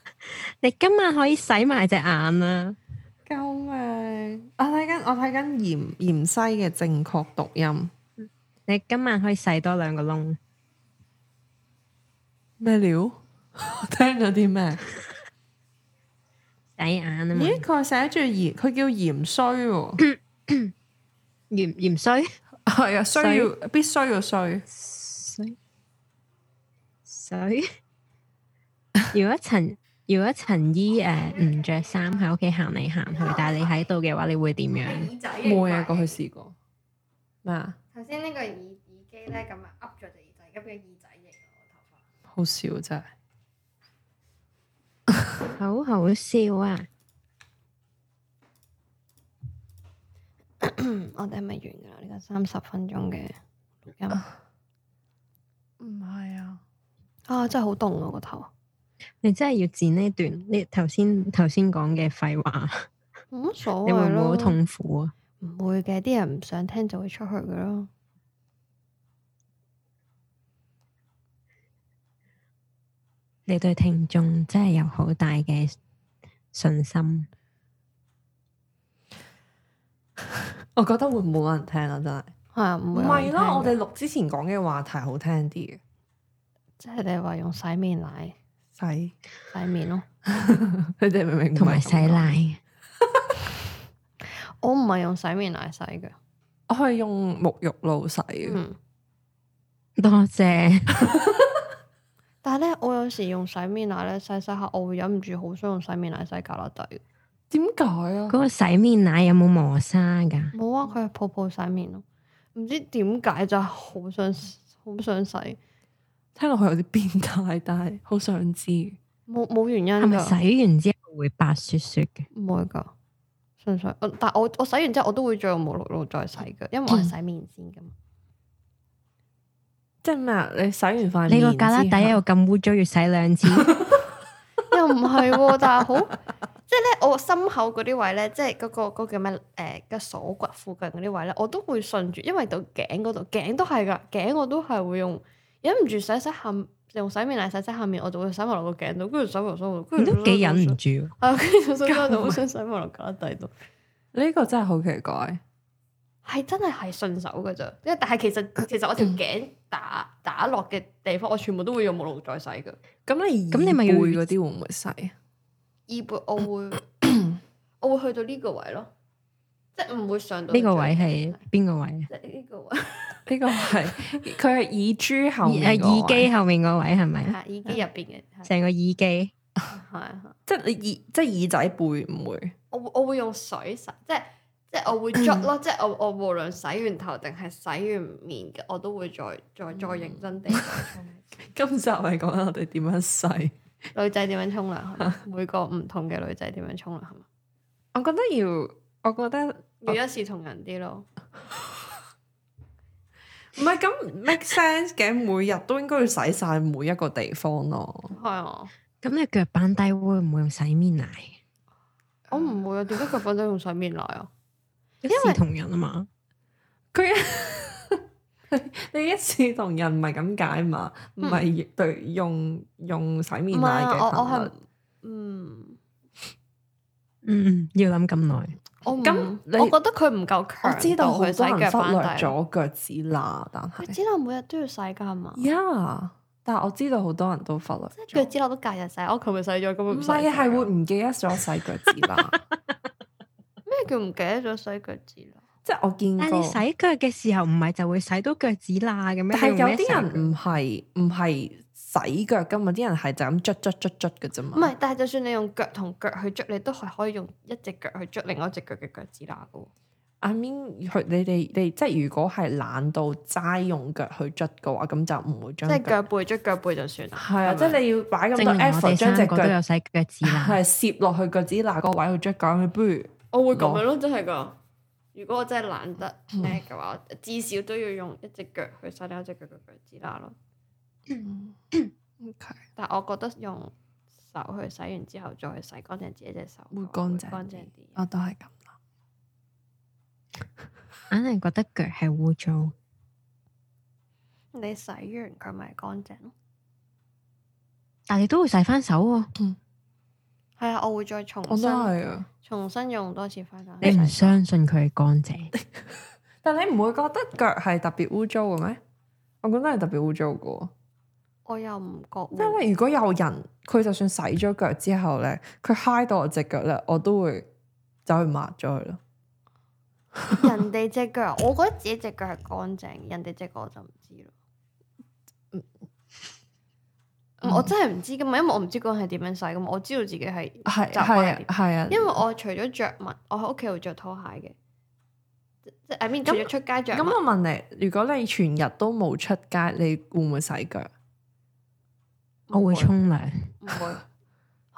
你今晚可以洗埋隻眼啊，救命！我睇緊，我睇緊鹽鹽西嘅正確讀音。你今晚可以洗多兩個窿。咩料？聽到啲咩？洗眼啊嘛？咦？佢寫住鹽，佢叫鹽衰，鹽鹽衰係啊，需要必須要衰水水。如果陳。如果陳依誒唔着衫喺屋企行嚟行去，但係你喺度嘅話，你會點樣？冇啊，過去試過。嗱，頭先呢個耳機呢耳機咧，咁啊噏住隻耳仔，咁嘅耳仔型。我頭髮，好笑真係，好好笑啊！我哋係咪完啦？呢個三十分鐘嘅錄音，唔係啊！啊，真係好凍啊！我個頭。你真係要剪呢段？你頭先頭先講嘅廢話，冇乜所謂咯。你會唔會好痛苦啊？唔會嘅，啲人唔想聽就會出去噶咯。你對聽眾真係有好大嘅信心， 我覺得會冇人聽咯，真係係唔唔係咯？我哋錄之前講嘅話題好聽啲嘅，即係你話用洗面奶。洗面咯，你哋明唔明？同埋洗奶， 我唔係用洗面奶洗嘅， 我係用沐浴露洗嘅。嗯、多謝。 但係咧，我有時用洗面奶咧洗洗下，我會忍唔住好想用洗面奶洗搞拉底。點解、嗯、啊？嗰個洗面奶有冇磨砂噶？冇啊，佢係泡泡洗面咯、啊。唔知點解就好想好想洗。聽落去有啲變態，但係好想知。冇冇原因？係咪洗完之後會白雪雪嘅？唔係噶，純粹。但係我我洗完之後，我都會再用沐浴露再洗嘅，因為我係洗面先噶嘛。即係咩啊？你洗完塊面，你個胳肋底又咁污糟，要洗兩次？又唔係，但係好即係咧。我心口嗰啲位咧，即係嗰個叫咩誒嘅鎖骨附近嗰啲位咧，我都會順住，因為到頸嗰度，頸都係噶，頸我都係會用。忍唔住洗洗下，用洗面奶洗洗下面，我就會洗埋落個頸度。跟住洗唔落，洗唔落，都幾忍唔住。係跟住洗唔落，就我想洗埋落頸底度。呢個真係好奇怪，係真係係順手噶啫。因為但係其實其實我條頸打 打落嘅地方，我全部都會用沐浴露再洗噶。咁你咁你咪背嗰啲會唔會洗？耳背我會 我會去到呢個位咯，即係唔會上到呢個位係邊個位？即係呢個位。 呢個係佢係耳珠後面，耳機後面個位係咪耳機入邊嘅？成個耳機係，即係耳即係耳仔背唔會。我我會用水洗，即係即係我會捽咯，即係我我無論洗完頭定係洗完面我都會再再再認真地。今集係講緊我哋點樣洗女仔點樣沖涼係嘛，每個唔同嘅女仔點樣沖涼係嘛。我覺得要，我覺得要一視同仁啲咯。唔係咁 make sense 嘅，每日都應該要洗晒每一個地方咯。係啊，咁你腳板底會唔會用洗面奶？我唔會啊，點解腳板底用洗面奶啊？一視因為 同仁啊嘛，佢 你一視同仁唔係咁解嘛，唔係對用、嗯、用洗面奶嘅、嗯。我我嗯 嗯要諗咁耐。我咁，你我覺得佢唔夠強。我知道好多人忽略咗腳趾啦，但係腳趾罅每日都要洗噶係嘛呀！Yeah, 但係我知道好多人都忽略。腳趾罅都隔日洗，我佢咪洗咗咁？唔係係會唔記得咗洗腳趾啦？咩 叫唔記得咗洗腳趾啦？即係我見過，但係你洗腳嘅時候唔係就會洗到腳趾啦嘅咩？咁但係有啲人唔係唔係。洗腳噶嘛，啲人係就咁捽捽捽捽嘅啫嘛。唔係，但係就算你用腳同腳去捽，你都係可以用一隻腳去捽另外一隻腳嘅腳趾罅嘅。阿 Min，佢你哋你，你即係如果係懶到齋用腳去捽嘅話，咁就唔會將即腳背捽腳背就算啦。係啊，吧即係你要擺咁多 effort 將隻腳都有洗腳趾罅，係攝落去腳趾罅個位去捽咁，不如我會咁樣咯，真係噶。如果我真係懶得叻嘅話，嗯、至少都要用一隻腳去洗另一隻腳嘅腳趾罅咯。 Okay. 但係我覺得用手去洗完之後，再洗乾淨自己隻手會乾淨，會乾淨乾淨啲。我都係咁，硬 係覺得腳係污糟。你洗完佢咪乾淨咯？但你都會洗翻手喎、啊。係啊、 嗯，我會再重新，我啊、重新用多次翻手。你唔相信佢係乾淨？ 但你唔會覺得腳係特別污糟嘅咩？我覺得係特別污糟嘅。我又唔覺，因為如果有人佢就算洗咗腳之後咧，佢揩到我隻腳咧，我都會走去抹咗佢咯。人哋隻腳， 我覺得自己隻腳係乾淨，人哋隻腳我就唔知咯。嗯、我真係唔知噶嘛，因為我唔知嗰人係點樣洗噶嘛，我知道自己係係係啊，係啊。因為我除咗着襪，我喺屋企會着拖鞋嘅。即係 I mean, 咁出街著。咁我問你，如果你全日都冇出街，你會唔會洗腳？我會沖涼，唔會吓、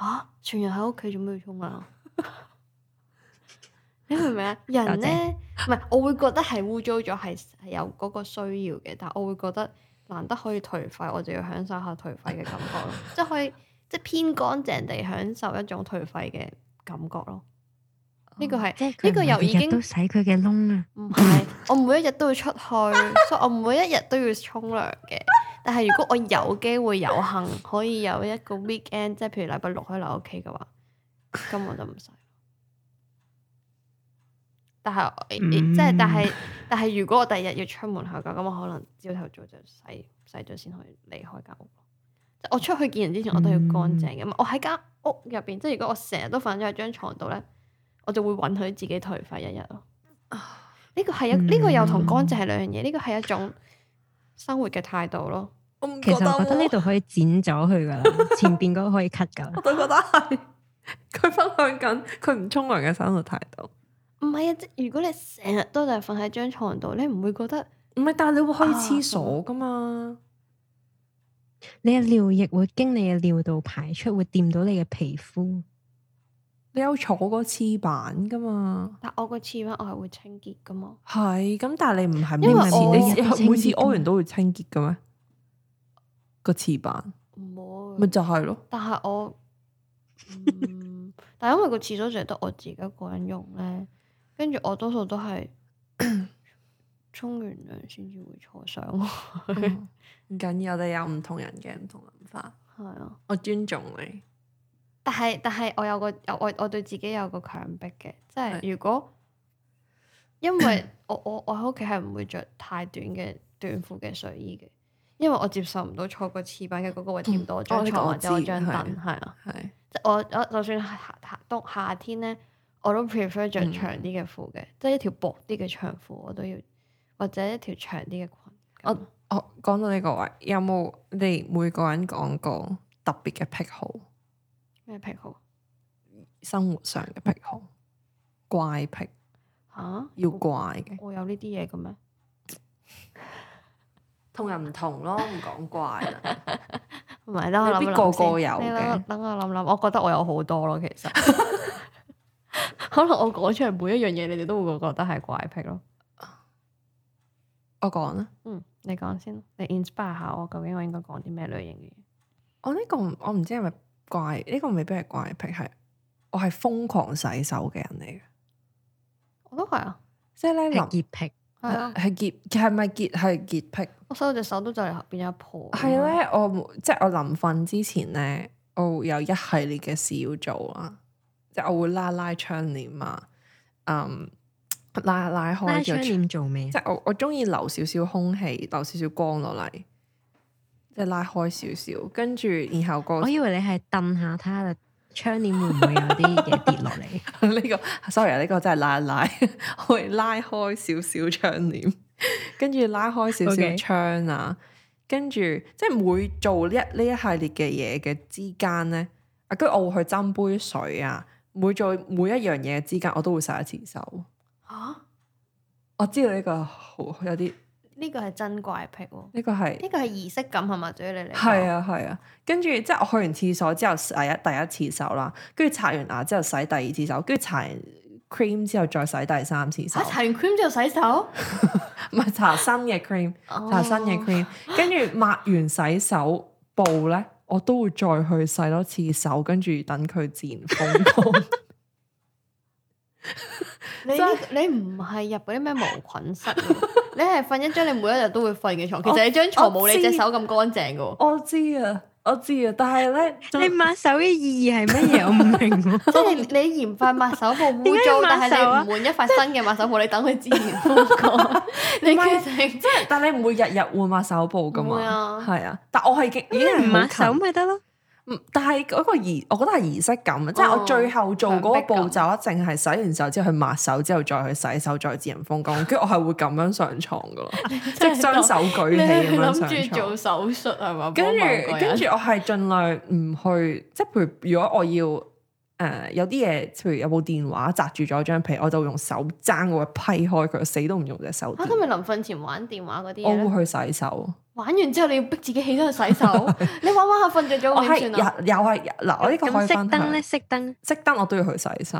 啊，全日喺屋企做咩要沖涼啊？ 你明唔明啊？人呢，唔係謝我會覺得係污糟咗，係係有嗰個需要嘅，但我會覺得難得可以頹廢，我就要享受下頹廢嘅感覺咯，即係可以即係偏乾淨地享受一種頹廢嘅感覺咯。呢個係，呢個又已經日日都洗佢嘅窿啊！唔係，我每一日都要出去， 所以我每一日都要沖涼嘅。但係如果我有機會有幸可以有一個 weekend，即係譬如禮拜六可以留屋企嘅話，咁我就唔使。但係，即係、嗯、但係，但係如果我第二日要出門口嘅，咁我可能朝頭早就洗洗咗先可以離開間屋。即我出去見人之前，嗯、我都要乾淨嘅。我喺間屋入邊，即係如果我成日都瞓咗喺張床度咧。我就會允許自己頹廢一日咯。呢、啊、個係一呢、嗯、個又同乾淨係兩樣嘢，呢、這個係一種生活嘅態度咯。我，我其實我覺得呢度可以剪咗佢噶啦， 前邊嗰個可以 cut 噶。我都覺得係佢分享緊佢唔沖涼嘅生活態度。唔係啊，即如果你成日都就係瞓喺張床度，你唔會覺得？唔係，但係你會開廁所噶嘛？啊、你嘅尿液會經你嘅尿道排出，會掂到你嘅皮膚。你有坐過個廁板噶嘛？但我個廁板我係會清潔噶嘛？係咁，但係你唔係每次你每次屙完都會清潔噶咩？個廁板唔會，咪就係咯。但係我，嗯，但係因為個廁所淨係得我自己一個人用咧，跟住我多數都係沖完涼先至會坐上去。唔緊要，我哋有唔同人嘅唔同諗法。係啊，我尊重你。但係但係，我有個有我我對自己有個強迫嘅，是即係如果因為我我我喺屋企係唔會着太短嘅短褲嘅睡衣嘅，因為我接受唔到坐個廁板嘅嗰個位、嗯、掂到。我張床、嗯這個、我或者我張凳，係是啊，係即我我就算夏夏冬夏天咧，我都 prefer 着，着長啲嘅褲嘅，嗯、即係一條薄啲嘅長褲我都要，或者一條長啲嘅裙。我我講到呢個位，有冇你哋每個人講過特別嘅癖好？咩癖好？生活上嘅癖好，怪癖吓？要怪嘅。我有呢啲嘢嘅咩？同人唔同咯，唔講怪啦。唔係，等我諗諗個個有嘅？等我諗諗，我覺得我有好多咯，其實。可能我講出嚟每一樣嘢，你哋都會覺得係怪癖咯。我講啦，嗯，你講先，你 inspire 下我，究竟我應該講啲咩類型嘅嘢？我呢個我唔知係咪。怪呢、呢個未必係怪癖，係我係瘋狂洗手嘅人嚟嘅，我都係啊。即係咧，係潔癖，係啊，係潔係咪潔係潔癖？我洗到隻手都就嚟變咗破。係咧，我即係我臨瞓之前咧，我會有一系列嘅事要做啊。即係我我會拉拉窗簾啊，嗯，拉拉開拉窗簾做咩？即係我我中意留少少空氣，留少少光落嚟。即係拉開少少，跟住然後、那個，我以為你係凳下睇下窗簾會唔會有啲嘢跌落嚟。呢、 呢個 sorry，呢個真係拉一拉，可 以拉開少少窗簾，跟 住拉開少少窗啊，跟住 Okay. 即係每做一呢一系列嘅嘢嘅之間呢，啊，跟住我會去斟杯水啊，每做每一樣嘢之間，我都會洗一次手。啊，我知道呢、呢個好有啲。呢個係真怪癖。呢個係呢個係儀式感係嘛？對於你嚟講，係啊係啊。跟住、啊、即係我去完廁所之後洗一第一次手啦，跟住擦完牙之後洗第二次手，跟住擦完 cream 之後再洗第三次手。啊！擦完 cream 之後洗手？唔係 擦新嘅 cream，擦新嘅 cream，哦。跟住抹完洗手布咧，我都會再去洗多次手，跟住等佢自然風乾。你你唔係入嗰啲咩無菌室？ 你係瞓一張你每一日都會瞓嘅床，其實你張床冇你隻手咁乾淨噶喎。我知啊，我知啊，但係咧， 你抹手嘅意義係乜嘢？我唔明喎。 即係你，你嫌塊抹手布污糟，但係你唔換一塊新嘅抹手布，你等佢 自然風乾。你其實即係， 但你唔會日日換抹手布噶嘛？係啊，啊，但我係已經你唔抹手咪得咯。嗯，但係嗰個儀，我覺得係儀式感，即係、哦、我最後做嗰個步驟，淨係洗完手之後去抹手之後再去洗手再去自風 然風乾，跟住我係會咁樣上床噶咯，即係將手舉起咁樣上床。諗住 做手術係嘛？跟住跟住我係盡量唔去，即、就、係、是、譬如如果我要誒、呃、有啲嘢，譬如有部電話紮住咗張被，我就用手爭過劈開佢，死都唔用隻手。啊！今日臨瞓前玩電話嗰啲？我會去洗手。玩完之後你要逼自己起身去洗手， 你玩玩下瞓着咗點算？又係嗱，我呢個可以分享。熄燈咧？熄燈？熄燈我都要去洗手。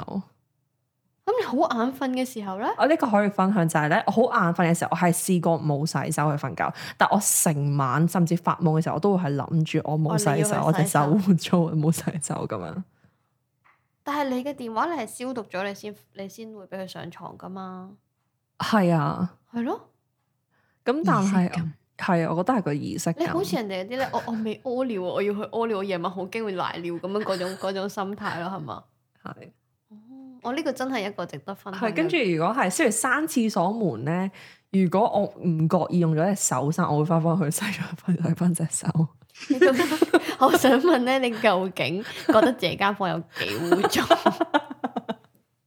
咁你好眼瞓嘅時候咧？我呢個可以分享就係咧，我好眼瞓嘅時候，我係試過冇洗手去瞓覺，但我成晚甚至發夢嘅時候，我都會係諗住我冇洗手，我隻手污糟，冇洗手咁樣。但係你嘅電話你係消毒咗，你先你先會俾佢上床噶嘛？係啊，係咯。咁但係。係啊，我覺得係個儀式。你好似人哋嗰啲咧，我我未屙尿啊，我要去屙尿，我夜晚好驚會瀨尿咁樣嗰種嗰種，種心態咯，係嘛？係、 哦，我、這、呢個真係一個值得分享。係跟住如果係雖然閂廁所門咧，如果我唔覺意用咗隻手閂，我會翻翻去洗咗翻翻隻手。 我想問咧，你究竟覺得自己間房有幾污糟？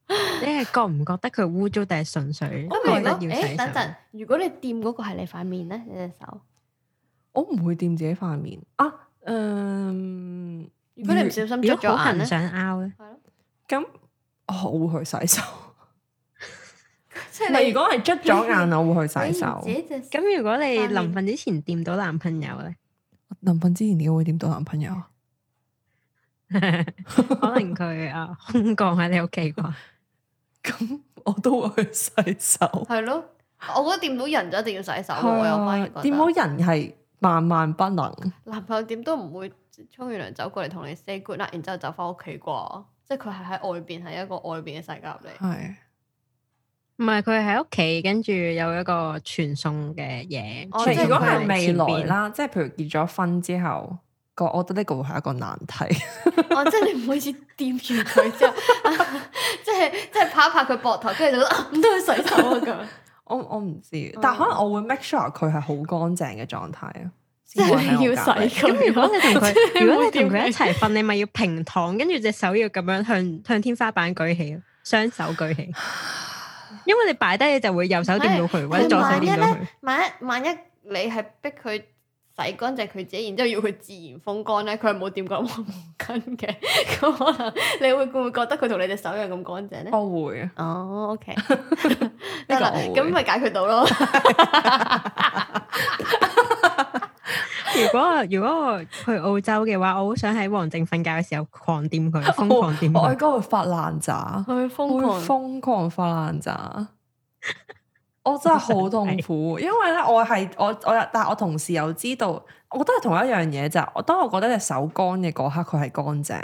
你係覺唔覺得佢污糟，定係純粹我覺得要洗手？等陣，如果你掂嗰個係你塊面咧，你隻手，我唔會掂自己塊面啊。嗯，如果你唔小心捽咗眼咧，想拗咧，係咯。咁我會去洗手。唔係，如果係捽咗眼，我會去洗手。咁如果你臨瞓之前掂到男朋友咧？臨瞓之前點會掂到男朋友？可能佢啊，空降喺你屋企啩？咁我都會去洗手，係咯。 我覺得掂到人就一定要洗手咯。的我又反而掂到人係萬萬不能。男朋友點都唔會沖完涼走過嚟，同你 say good 啦，然之後走翻屋企啩。即係佢係喺外邊，係一個外邊嘅世界入嚟。係唔係佢喺屋企，跟住有一個傳送嘅嘢？如果係未來啦，面即係譬如結咗婚之後。個，我覺得呢個會係一個難題。 哦，即係你唔好意思掂完佢之後， 啊、即係即係拍一拍佢膊頭，跟住就撚到佢洗手㗎。 我我唔知，但可能我會 make sure 佢係好乾淨嘅狀態啊。真係要洗。咁如果你同佢， 如果你同佢 一齊瞓，你咪要平躺，跟住隻手要咁樣向向天花板舉起，雙手舉起。 因為你擺低你就會右手掂到佢，或者左手掂到佢。萬一萬一你係逼佢。洗乾淨佢自己，然之後要佢自然風乾咧，佢係冇掂過毛巾嘅，咁可能你會會唔會覺得佢同你隻手一樣咁乾淨咧？我會，哦、oh，OK，得 啦了，咁咪解決到咯。 如果如果我去澳洲嘅話，我好想喺王靜瞓覺嘅時候狂掂佢，瘋狂掂佢，我應該會發爛渣，佢瘋狂瘋狂發爛渣。我真係好痛苦， 因為咧我係我我又，但我同事又知道，我覺得係同一樣嘢就係，我當我覺得隻手乾嘅嗰刻，佢係乾淨，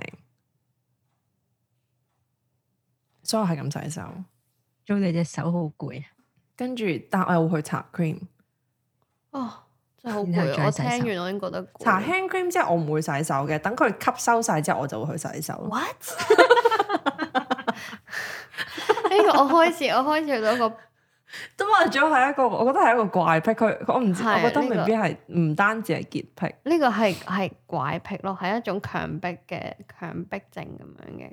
所以我係咁洗手。做你隻手好攰，跟住但係我又會去擦 cream。哦，真係好攰！我聽完我已經覺得擦 hand cream 之後我唔會洗手嘅，等佢吸收晒之後我就會去洗手。What？呢 個、 hey, 我開始我開始到個。都話咗係一個，我覺得係一個怪癖。佢我唔，知的，我覺得未必係唔、呢個、單止係潔癖。呢個係係怪癖咯，係一種強迫嘅強迫症咁樣嘅。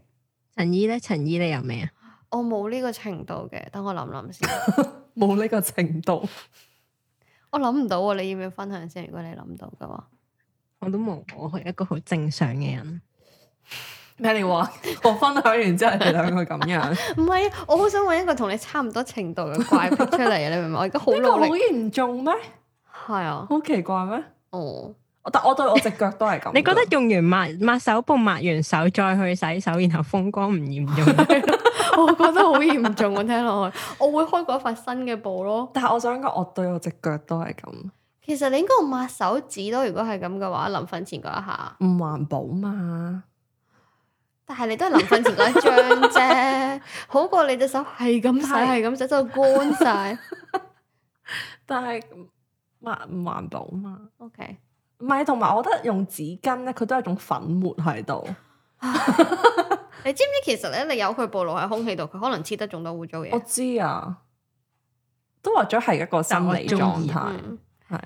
陳依咧，陳依你有咩啊？我冇呢個程度嘅，等我諗諗先。冇呢 個程度， 我諗唔到。你要唔要分享先？如果你諗到嘅話，我都冇。我係一個好正常嘅人。 咩，你話我分享完之後，兩個咁樣？唔係 啊，我好想搵一個同你差唔多程度嘅怪癖出嚟，你明唔明？我而家好努力。呢 個好嚴重咩？係 啊，好奇怪咩？哦、嗯，我對我隻腳都係咁。 你覺得用完抹手布抹完，完手再去洗手，然後風乾唔染重？ 我覺得好嚴重。我聽落去，我會開過一塊新嘅布咯。 但係我想講，我對我隻腳都係咁。其實你應該抹手指咯。如果係咁嘅話，臨瞓前嗰一下，唔環保嘛？但係你都係臨瞓前攞一張啫， 好過你隻手係咁洗係咁 洗就乾晒。 但係，環唔環保嘛？O K，唔係，同埋 Okay. 我覺得用紙巾咧，佢都係一種粉末喺度。 你知唔知其實咧，你有佢暴露喺空氣度，佢可能黐得仲多污糟嘢。我知啊，都話咗係一個心理狀態係。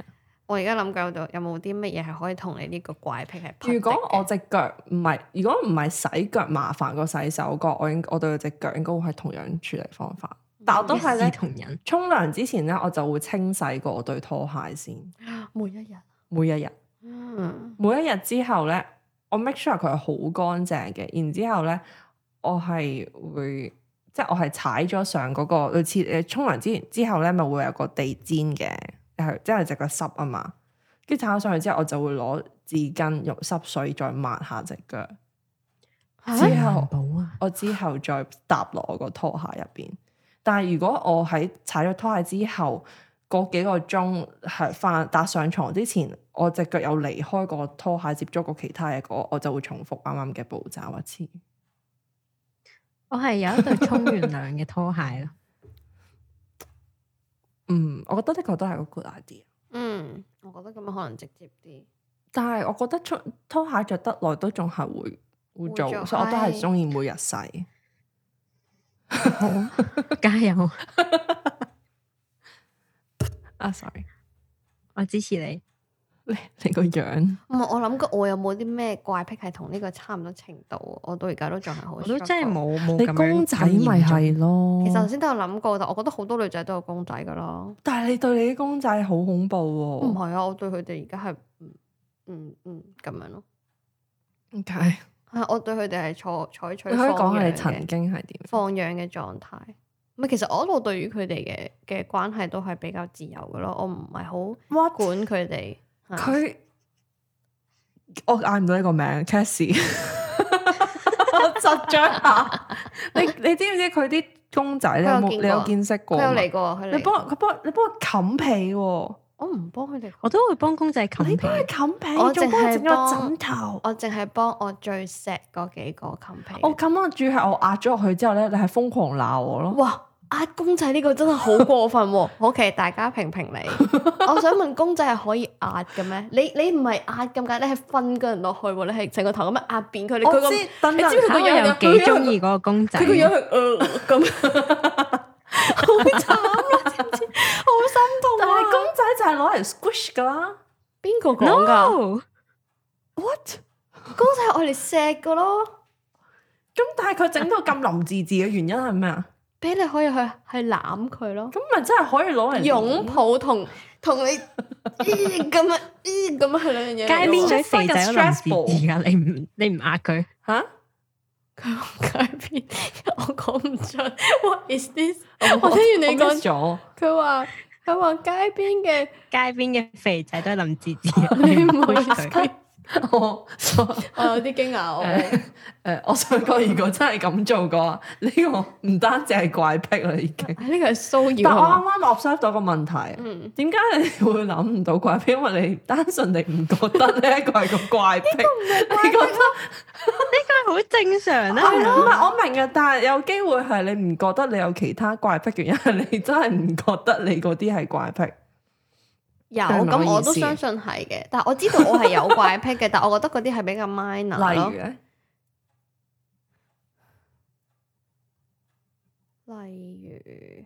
我而家諗緊有冇啲乜嘢係可以同你呢個怪癖係？如果我隻腳唔係，如果唔係洗腳麻煩過洗手個，我應該我對隻腳應該會係同樣處理方法。但我都係咧，沖涼之前咧，我就會清洗過我對拖鞋先。每一日，每一日，嗯、每一日之後咧，我 make sure 佢係好乾淨嘅。然之後咧，我係會即係我係踩咗上嗰個類似誒，沖涼之前之後咧，咪會有個地氈嘅。係，即係隻腳濕啊嘛，跟住踩咗上去之後，我就會攞紙巾用濕水再抹下隻腳，之後我之後再搭落我個拖鞋入邊。但係如果我喺踩咗拖鞋之後嗰幾個鐘係翻搭上床之前，我隻腳有離開過拖鞋接觸過其他嘢，我我就會重複啱啱嘅步驟一次。我係有一對沖完涼嘅拖鞋咯。 嗯，我覺得的確都係個 good idea。嗯，我覺得咁樣可能直接啲。但係我覺得穿拖，拖鞋着得耐都仲係會污糟，髒所以我都係中意每日洗。 加油！啊、 oh,sorry，我支持你。你你個樣唔係我諗過，我，過我有冇啲咩怪癖係同呢個差唔多程度？我到而家都仲係好，少。真係冇冇。你公仔咪係咯？其實頭先都有諗過，但我覺得好多女仔都有公仔噶咯。但係你對你啲公仔好恐怖喎、哦？唔係啊，我對佢哋而家係唔嗯嗯咁、嗯、樣咯。點解？係我對佢哋係採採取，你可以講下你曾經係點放養嘅狀態？唔係，其實我一路對於佢哋嘅嘅關係都係比較自由噶咯。我唔係好管佢哋。佢我嗌唔到呢個名 Cassie 我窒咗一下。你你知唔知佢啲公仔你有冇？過你有見識過？佢有嚟過，佢你幫佢幫你幫佢冚被，我唔幫佢，哋，我都會幫公仔冚被。你幫佢冚被，我淨係幫佢整咗枕頭。我淨係幫我最錫嗰幾個冚被。我冚啊，主要係我壓咗落去之後咧，你係瘋狂鬧我咯。哇！壓公仔呢個真係好過分喎！OK，大家評評理。我想問公仔係可以壓嘅咩？你你唔係壓咁解，你係瞓個人落去，你係整個頭咁樣壓扁佢。我知，你知佢個樣有幾中意嗰個公仔。佢個樣係嗯咁，好慘呀，知唔知？好心痛啊！公仔就係攞嚟 squish 噶啦邊個講㗎 What 公仔係愛嚟錫噶咯。咁但係佢整到咁林志致嘅原因係咩啊？俾你可以去去攬佢咯，咁咪真係可以攞人擁抱同同你咁啊咁啊，係兩樣嘢。街邊嘅肥仔林志，而家你唔你唔呃佢吓？街邊我講唔出，What is this？我，我聽完你講咗，佢話佢話街邊嘅街邊嘅肥仔都係林志志， 你唔可以。 我我有啲驚訝，我誒，我想講如果真係咁做嘅話，呢個唔單止係怪癖啦，已經。呢個係騷擾。但我啱啱 observe 到個問題，點解你會諗唔到怪癖？因為你單純你唔覺得呢一個係個怪癖，你覺得呢個係好正常咧？係咯，唔係我明啊，但係有機會係你唔覺得你有其他怪癖，原因係你真係唔覺得你嗰啲係怪癖。有，咁我都相信係嘅。但我知道我係有怪癖嘅， 但我覺得嗰啲係比較 minor。例如咧，例如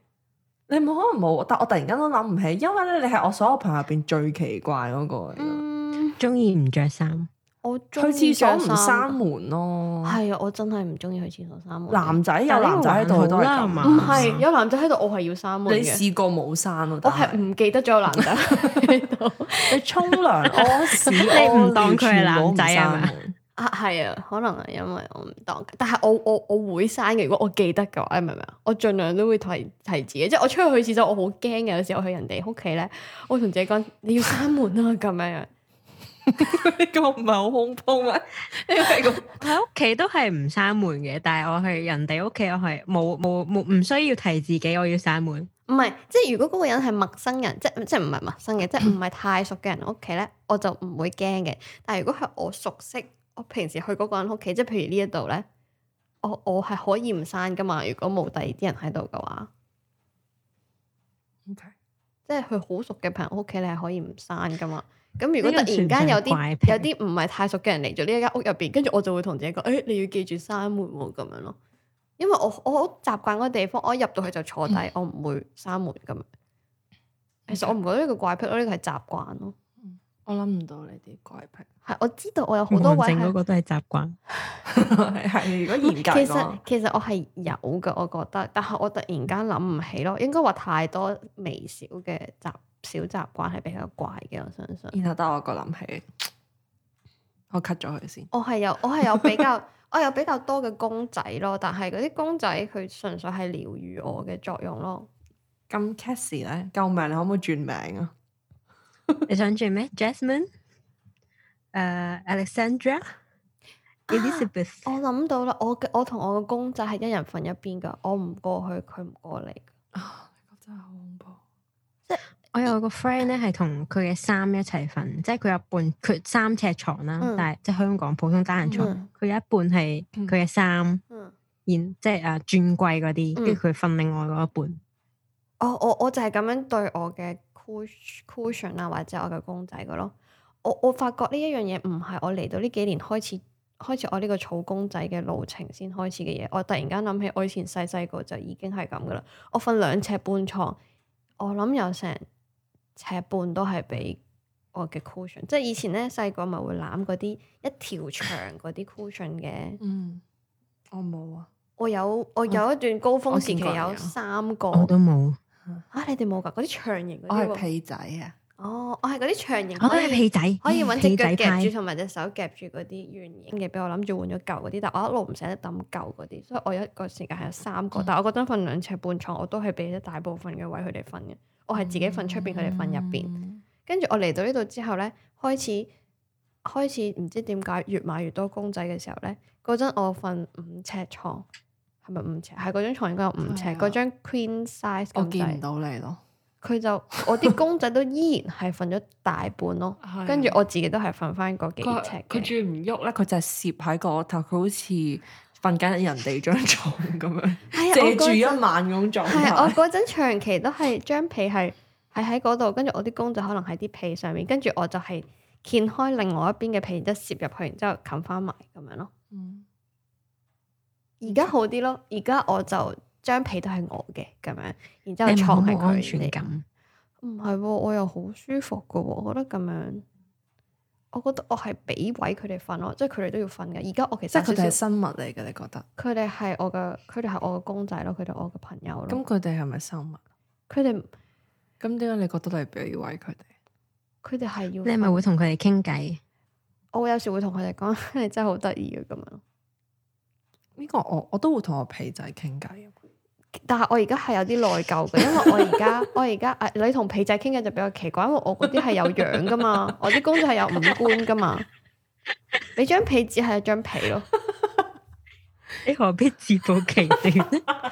你冇可能冇？但我突然間都諗唔起，因為咧，你係我所有朋友入邊最奇怪嗰個嚟。嗯，中意唔着衫。我去廁所唔閂門咯。啊，係啊，我真係唔中意去廁所閂門，啊。男仔有男仔喺度都係咁，唔係有男仔喺度，我係要閂門。你試過冇閂咯？我係唔記得咗有男仔喺度。你沖涼屙屎，你唔當佢係男仔啊？啊，係啊，可能係、啊、因為我唔當。 但係我我我，我會閂嘅。如果我記得嘅話，哎，明唔明啊？我盡量都會提提自己。即係我出去去廁所，我好驚嘅。有時候我去人哋屋企咧，我同自己講，你要閂門啊，咁樣樣。 咁唔係好恐怖咩？因為喺屋企都係唔閂門嘅，但係我去人哋屋企，我係冇冇冇唔需要提自己，我要閂門。唔係，即係如果嗰個人係陌生人，即即係唔係陌生嘅，即係唔係太熟嘅人屋企咧， 我就唔會驚嘅。但係如果係我熟悉，我平時去嗰個人屋企，即係譬如呢一度咧，我我係可以唔閂噶嘛？如果冇第二啲人喺度嘅話，Okay. 即係去好熟嘅朋友屋企，你係可以唔閂噶嘛？咁、嗯、如果突然間有啲有啲唔係太熟嘅人嚟咗呢一間屋入邊，跟住我就會同自己講，誒、欸,你要記住閂門喎，咁樣咯。因為我我好習慣嗰個地方，我一入到去就坐低，嗯、我唔會閂門咁樣。其實我唔覺得呢個怪癖咯，呢個係習慣咯。我諗唔到呢啲怪癖。係我知道我有好多位，整嗰個都係習慣。係 如果研究其，其實其實我係有嘅，我覺得，但係我突然間諗唔起咯，應該話太多微小嘅習。小習慣係比較怪嘅，我相信。然後得我一個諗起，我 cut 咗佢先。我係有，我係有比較， 我有比較多嘅公仔咯。但係嗰啲公仔佢純粹係療癒我嘅作用咯。咁 Cassie 咧，救命！你可唔可以轉名啊？ 你想轉咩？Jasmine？誒、uh，Alexandra？Elizabeth？我諗到、啊、啦，我我同我嘅公仔係一人瞓一邊噶，我唔過去，佢唔過嚟。啊，你真係好～我有個 friend 咧，係同佢嘅衫一齊瞓，即係佢有半佢三尺床啦，嗯、但係即係香港普通單人床，佢有、嗯、一半係佢嘅衫，然即係啊專櫃嗰啲，跟住佢瞓另外嗰一半。哦、我我我就係咁樣對我嘅 cush cushion 啊，或者我嘅公仔嘅咯。我我發覺呢一樣嘢唔係我嚟到呢幾年開始開始我呢個儲公仔嘅路程先開始嘅嘢。我突然間諗起我以前細細個就已經係咁噶啦。我瞓兩尺半床，我諗有成尺半都係俾我嘅 cushion，即係以前咧細個咪會攬嗰啲一條長嗰啲 cushion 嘅。嗯，我冇啊，我有我有一段高峰時期有三個，我都冇。啊，你哋冇噶？嗰啲長型我，我係屁仔啊。哦，我係嗰啲長型，我都係屁仔，可以搵隻腳夾住同埋隻手夾住嗰啲圓型嘅，俾我諗住換咗舊嗰啲，但我一路唔捨得抌舊嗰啲，所以我有一個時間係有三個，嗯、但係我覺得瞓兩尺半床，我都係俾咗大部分嘅位佢哋瞓嘅。我係自己瞓出邊，佢哋瞓入邊。跟住我嚟到呢度之後咧，開始開始唔知點解越買越多公仔嘅時候咧，嗰陣我瞓五尺床，係咪五尺？係嗰張床應該有五尺，嗰張 queen size 我。我見唔到你咯。佢就我啲公仔都依然係瞓咗大半咯，跟住 我自己都係瞓翻嗰幾尺。佢仲唔喐咧？佢就係攝喺個頭，佢好似。瞓緊人哋張床咁樣，借住一晚咁狀態。我嗰陣、 啊、長期都係張被係係喺嗰度，跟住我啲工作可能喺啲被上面，跟住我就係掀開另外一邊嘅被，然之後攝入去，然之後冚翻埋咁樣、嗯、咯。而家好啲咯，而家我就張被都係我嘅咁樣，然之後床係佢安全感。唔係、哦，我又好舒服噶、哦，我覺得咁樣。我覺得我係俾位佢哋瞓咯，即係佢哋都要瞓嘅。而家我其實即係佢哋係生物嚟嘅，你覺得？佢哋係我嘅，佢哋係我嘅公仔咯，佢哋我嘅朋友咯。咁佢哋係咪生物？佢哋咁點解你覺得你俾位佢哋？佢哋係要你係咪會同佢哋傾偈？我有時會同佢哋講，你 真係好得意啊咁樣。呢個我我都會同我皮仔傾偈。但係我而家係有啲內疚嘅，因為我而家 我而家誒，你同被仔傾嘅就比較奇怪，因為我嗰啲係有樣噶嘛，我啲公仔係有五官噶嘛， 你張被只係一張被咯， 你何必自暴其短？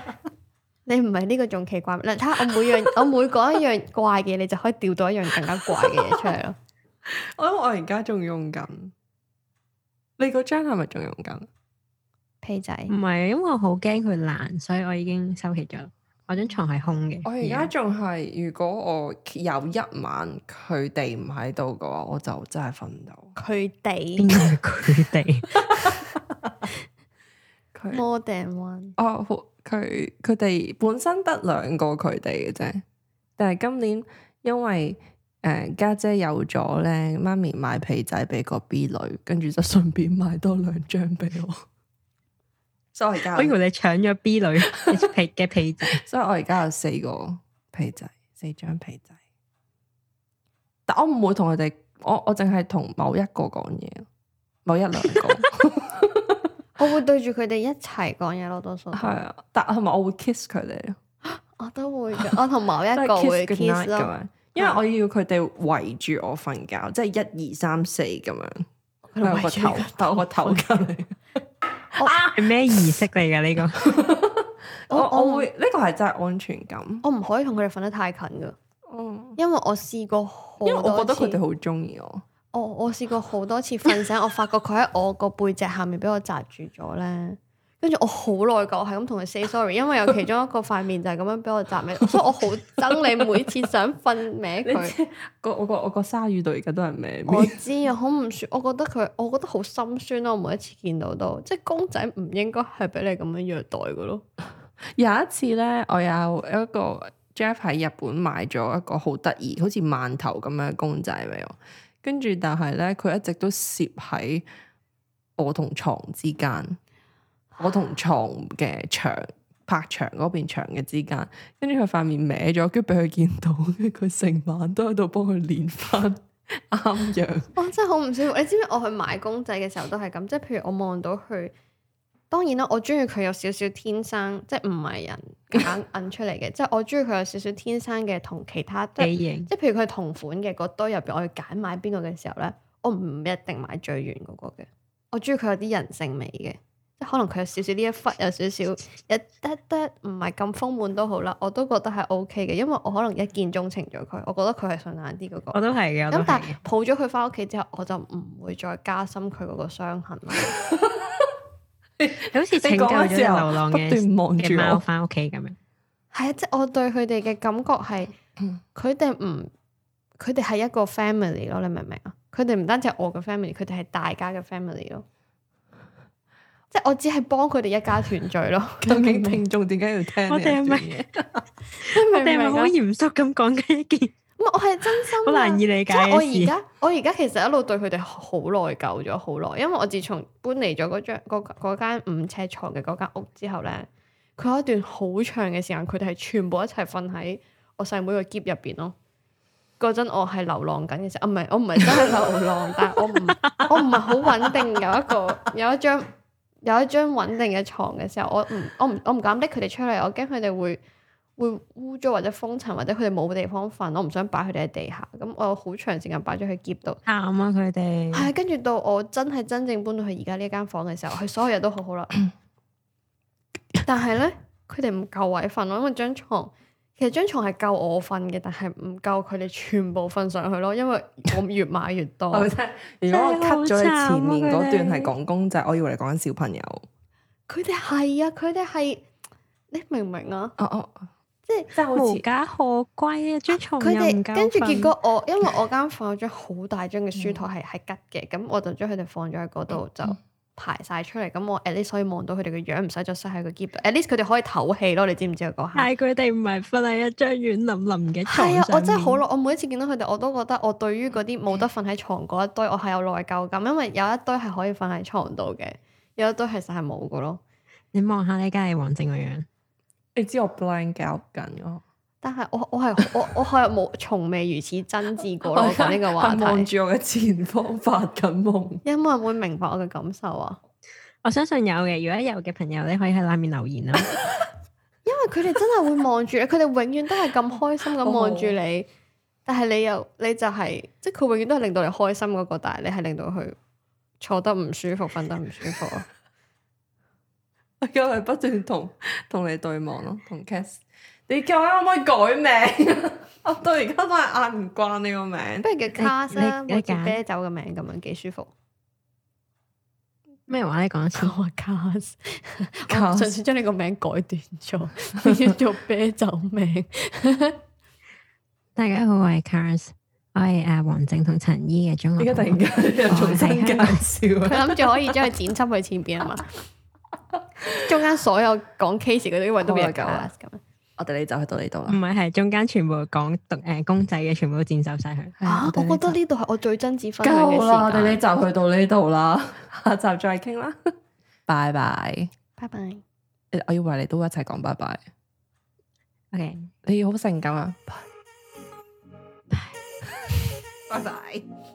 你唔係呢個仲奇怪？嗱，睇下我每樣我每講一樣怪嘅嘢，你就可以調到一樣更加怪嘅嘢出嚟咯。 我諗我而家仲用緊，你個張係咪仲用緊？被仔唔係，因為我好驚佢爛，所以我已經收起咗。我張床係空嘅。我而家仲係，在如果我有一晚佢哋唔喺度嘅話，我就真係瞓唔到。佢哋邊個？佢哋。More than one。哦，佢佢哋本身得兩個，佢哋嘅啫。但係今年因為誒家、呃、姐有咗咧，媽咪買被仔俾個 B 女，跟住就順便買多兩張俾我。 所以而家可以同你搶咗 B 女皮嘅皮仔，所以我而家有四個皮仔，四張皮仔。但我唔會同佢哋，我我淨係同某一個講嘢，某一兩個。我會對住佢哋一齊講嘢咯，多數係啊。但係咪我會 kiss 佢哋，我都會嘅。我同某一個 kiss 咁樣，因為我要佢哋圍住我瞓覺，即係一二三四咁樣。圍個頭，兜個頭入嚟。係咩儀式嚟噶呢個？我我會呢 個係真係安全感。我唔可以同佢哋瞓得太近噶，嗯，因為我試過好多次，因為我覺得佢哋好中意我。哦，我試過好多次瞓醒， 我發覺佢喺我個背脊下面俾我扎住咗咧。跟住我好內疚，係咁同佢 say sorry，因為有其中一個塊面就係咁樣俾我砸歪， 所以我好憎你每次想瞓歪佢。我我覺我個鯊魚度而家都係歪。 我知啊，好唔舒，我覺得佢，我覺得好心酸咯。我每一次見到都，即係公仔唔應該係俾你咁樣虐待嘅咯。 有一次咧，我有一個 Jeff 喺日本買咗一個好得意，好似饅頭咁樣嘅公仔俾我。跟住但係咧佢一直都攝喺我同床之間。我同床嘅牆、拍牆嗰邊牆嘅之間，跟住佢塊面歪咗，跟住俾佢見到，跟住佢成晚都喺度幫佢練翻啱樣。我真係好唔舒服。 你知唔知我去買公仔嘅時候都係咁？即係譬如我望到佢，當然啦，我中意佢有少少天生，即係唔係人揀印 出嚟嘅。即係我中意佢有少少天生嘅，同其他畸 即係譬如佢同款嘅，嗰堆入邊我要揀買邊個嘅時候呢，我唔一定買最圓嗰、嗰個嘅。我中意佢有啲人性美嘅。即可能佢有少少呢一忽，有少少有得得唔係咁豐滿都好啦，我都覺得係 O K 嘅，因為我可能一見鍾情咗佢，我覺得佢係順眼啲嗰個，我都係嘅。咁但係抱咗佢翻屋企之後，我就唔會再加深佢嗰個傷痕啦。 你好似拯救咗流浪嘅貓翻屋企咁樣，係啊， 即我對佢哋嘅感覺係，佢哋唔，佢哋係一個 family 咯，你明唔明啊？佢哋唔單止係我嘅 family，佢哋係大家嘅 family 咯。即我只係幫佢哋一家團聚咯。究竟聽眾點解要聽 我哋係咪？我哋係咪好嚴肅咁講緊一件？咁我係真心、啊。好 難以理解嘅事。我而家，我而家其實一路對佢哋好內疚咗好耐，因為我自從搬離咗嗰張嗰間五尺床嘅嗰間屋之後咧，佢有一段好長嘅時間，佢哋係全部一齊瞓喺我細妹個篋入邊咯。嗰陣我係流浪緊嘅時候，唔、啊、係我唔係真係流浪， 但係我唔我唔係好穩定有一個有一張。有一張穩定嘅床嘅時候，我唔我唔我唔敢拎佢哋出嚟，我驚佢哋會會污糟或者封塵，或者佢哋冇地方瞓，我唔想擺佢哋喺地下。咁我好長時間擺咗喺夾度，啱啊佢哋，係啊，跟住到我真係真正搬到去而家呢間房嘅時候，佢所有嘢都好好啦， 但係咧佢哋唔夠位瞓，因為張床。其實張床係夠我瞓嘅，但係唔夠佢哋全部瞓上去咯，因為我越買越多。 如果我 cut 咗前面嗰、啊、段係講公仔，們我以為講小朋友。佢哋係啊，佢哋係，你明唔明啊？哦、即係即係好似家好貴啊！張床佢哋跟住結果我因為我間房有張好大張嘅書台係係吉嘅，咁我就將佢哋放咗喺嗰度就。嗯排晒出嚟，咁我 at least 可以望到佢哋嘅樣，唔使再塞喺個喼。at least 佢哋可以透氣咯，你知唔知啊嗰下？但係佢哋唔係瞓喺一張軟腍腍嘅床。係 啊，我真係好耐，我每一次見到佢哋，我都覺得我對於嗰啲冇得瞓喺床嗰一堆，我係有內疚感，因為有一堆係可以瞓喺床度嘅，有一堆其實係冇嘅咯。你望下呢間係王靜嘅樣，你知我 blind 夾緊咯。但係我 我係我我係冇從未如此真摯過咯，講呢個話題。係望住我嘅前方發緊夢。有冇人會明白我嘅感受啊？我相信有嘅，如果有嘅朋友，你可以喺下面留言啊， 因為佢哋真係會望住你，佢哋永遠都係咁開心咁望住你， 但係你又你就係、是，即係佢永遠都係令到你開心嗰、那個，但係你係令到佢坐得唔舒服、瞓得唔舒服啊！因為 不斷同同你對望咯，同 Cass。你今晚可唔可以改名？ 我到而家都係嗌唔慣你個名，不如叫 Cass，好似啤酒嘅名咁樣，幾舒服。咩話？你講一次我 Cass，上次將你個名改短咗，變咗 啤酒名。 大家好，我係 Cass，我係阿黃靜同陳依嘅中。點解突然間又重新介紹？佢諗住可以將佢剪輯去前邊啊嘛。 中間所有講 case 嗰啲位都變咗 Cass 咁。我哋你就去到呢度啦，唔係係中間全部講誒、呃、公仔嘅，全部都剪走晒佢。啊，我，我覺得呢度係我最憎剪分。夠啦，我哋你就去到呢度啦， 下集再傾啦。拜拜 bye，拜拜 bye、欸。我以為你都一齊講拜拜。O Okay , K，嗯、你好性感啊。拜拜 Bye.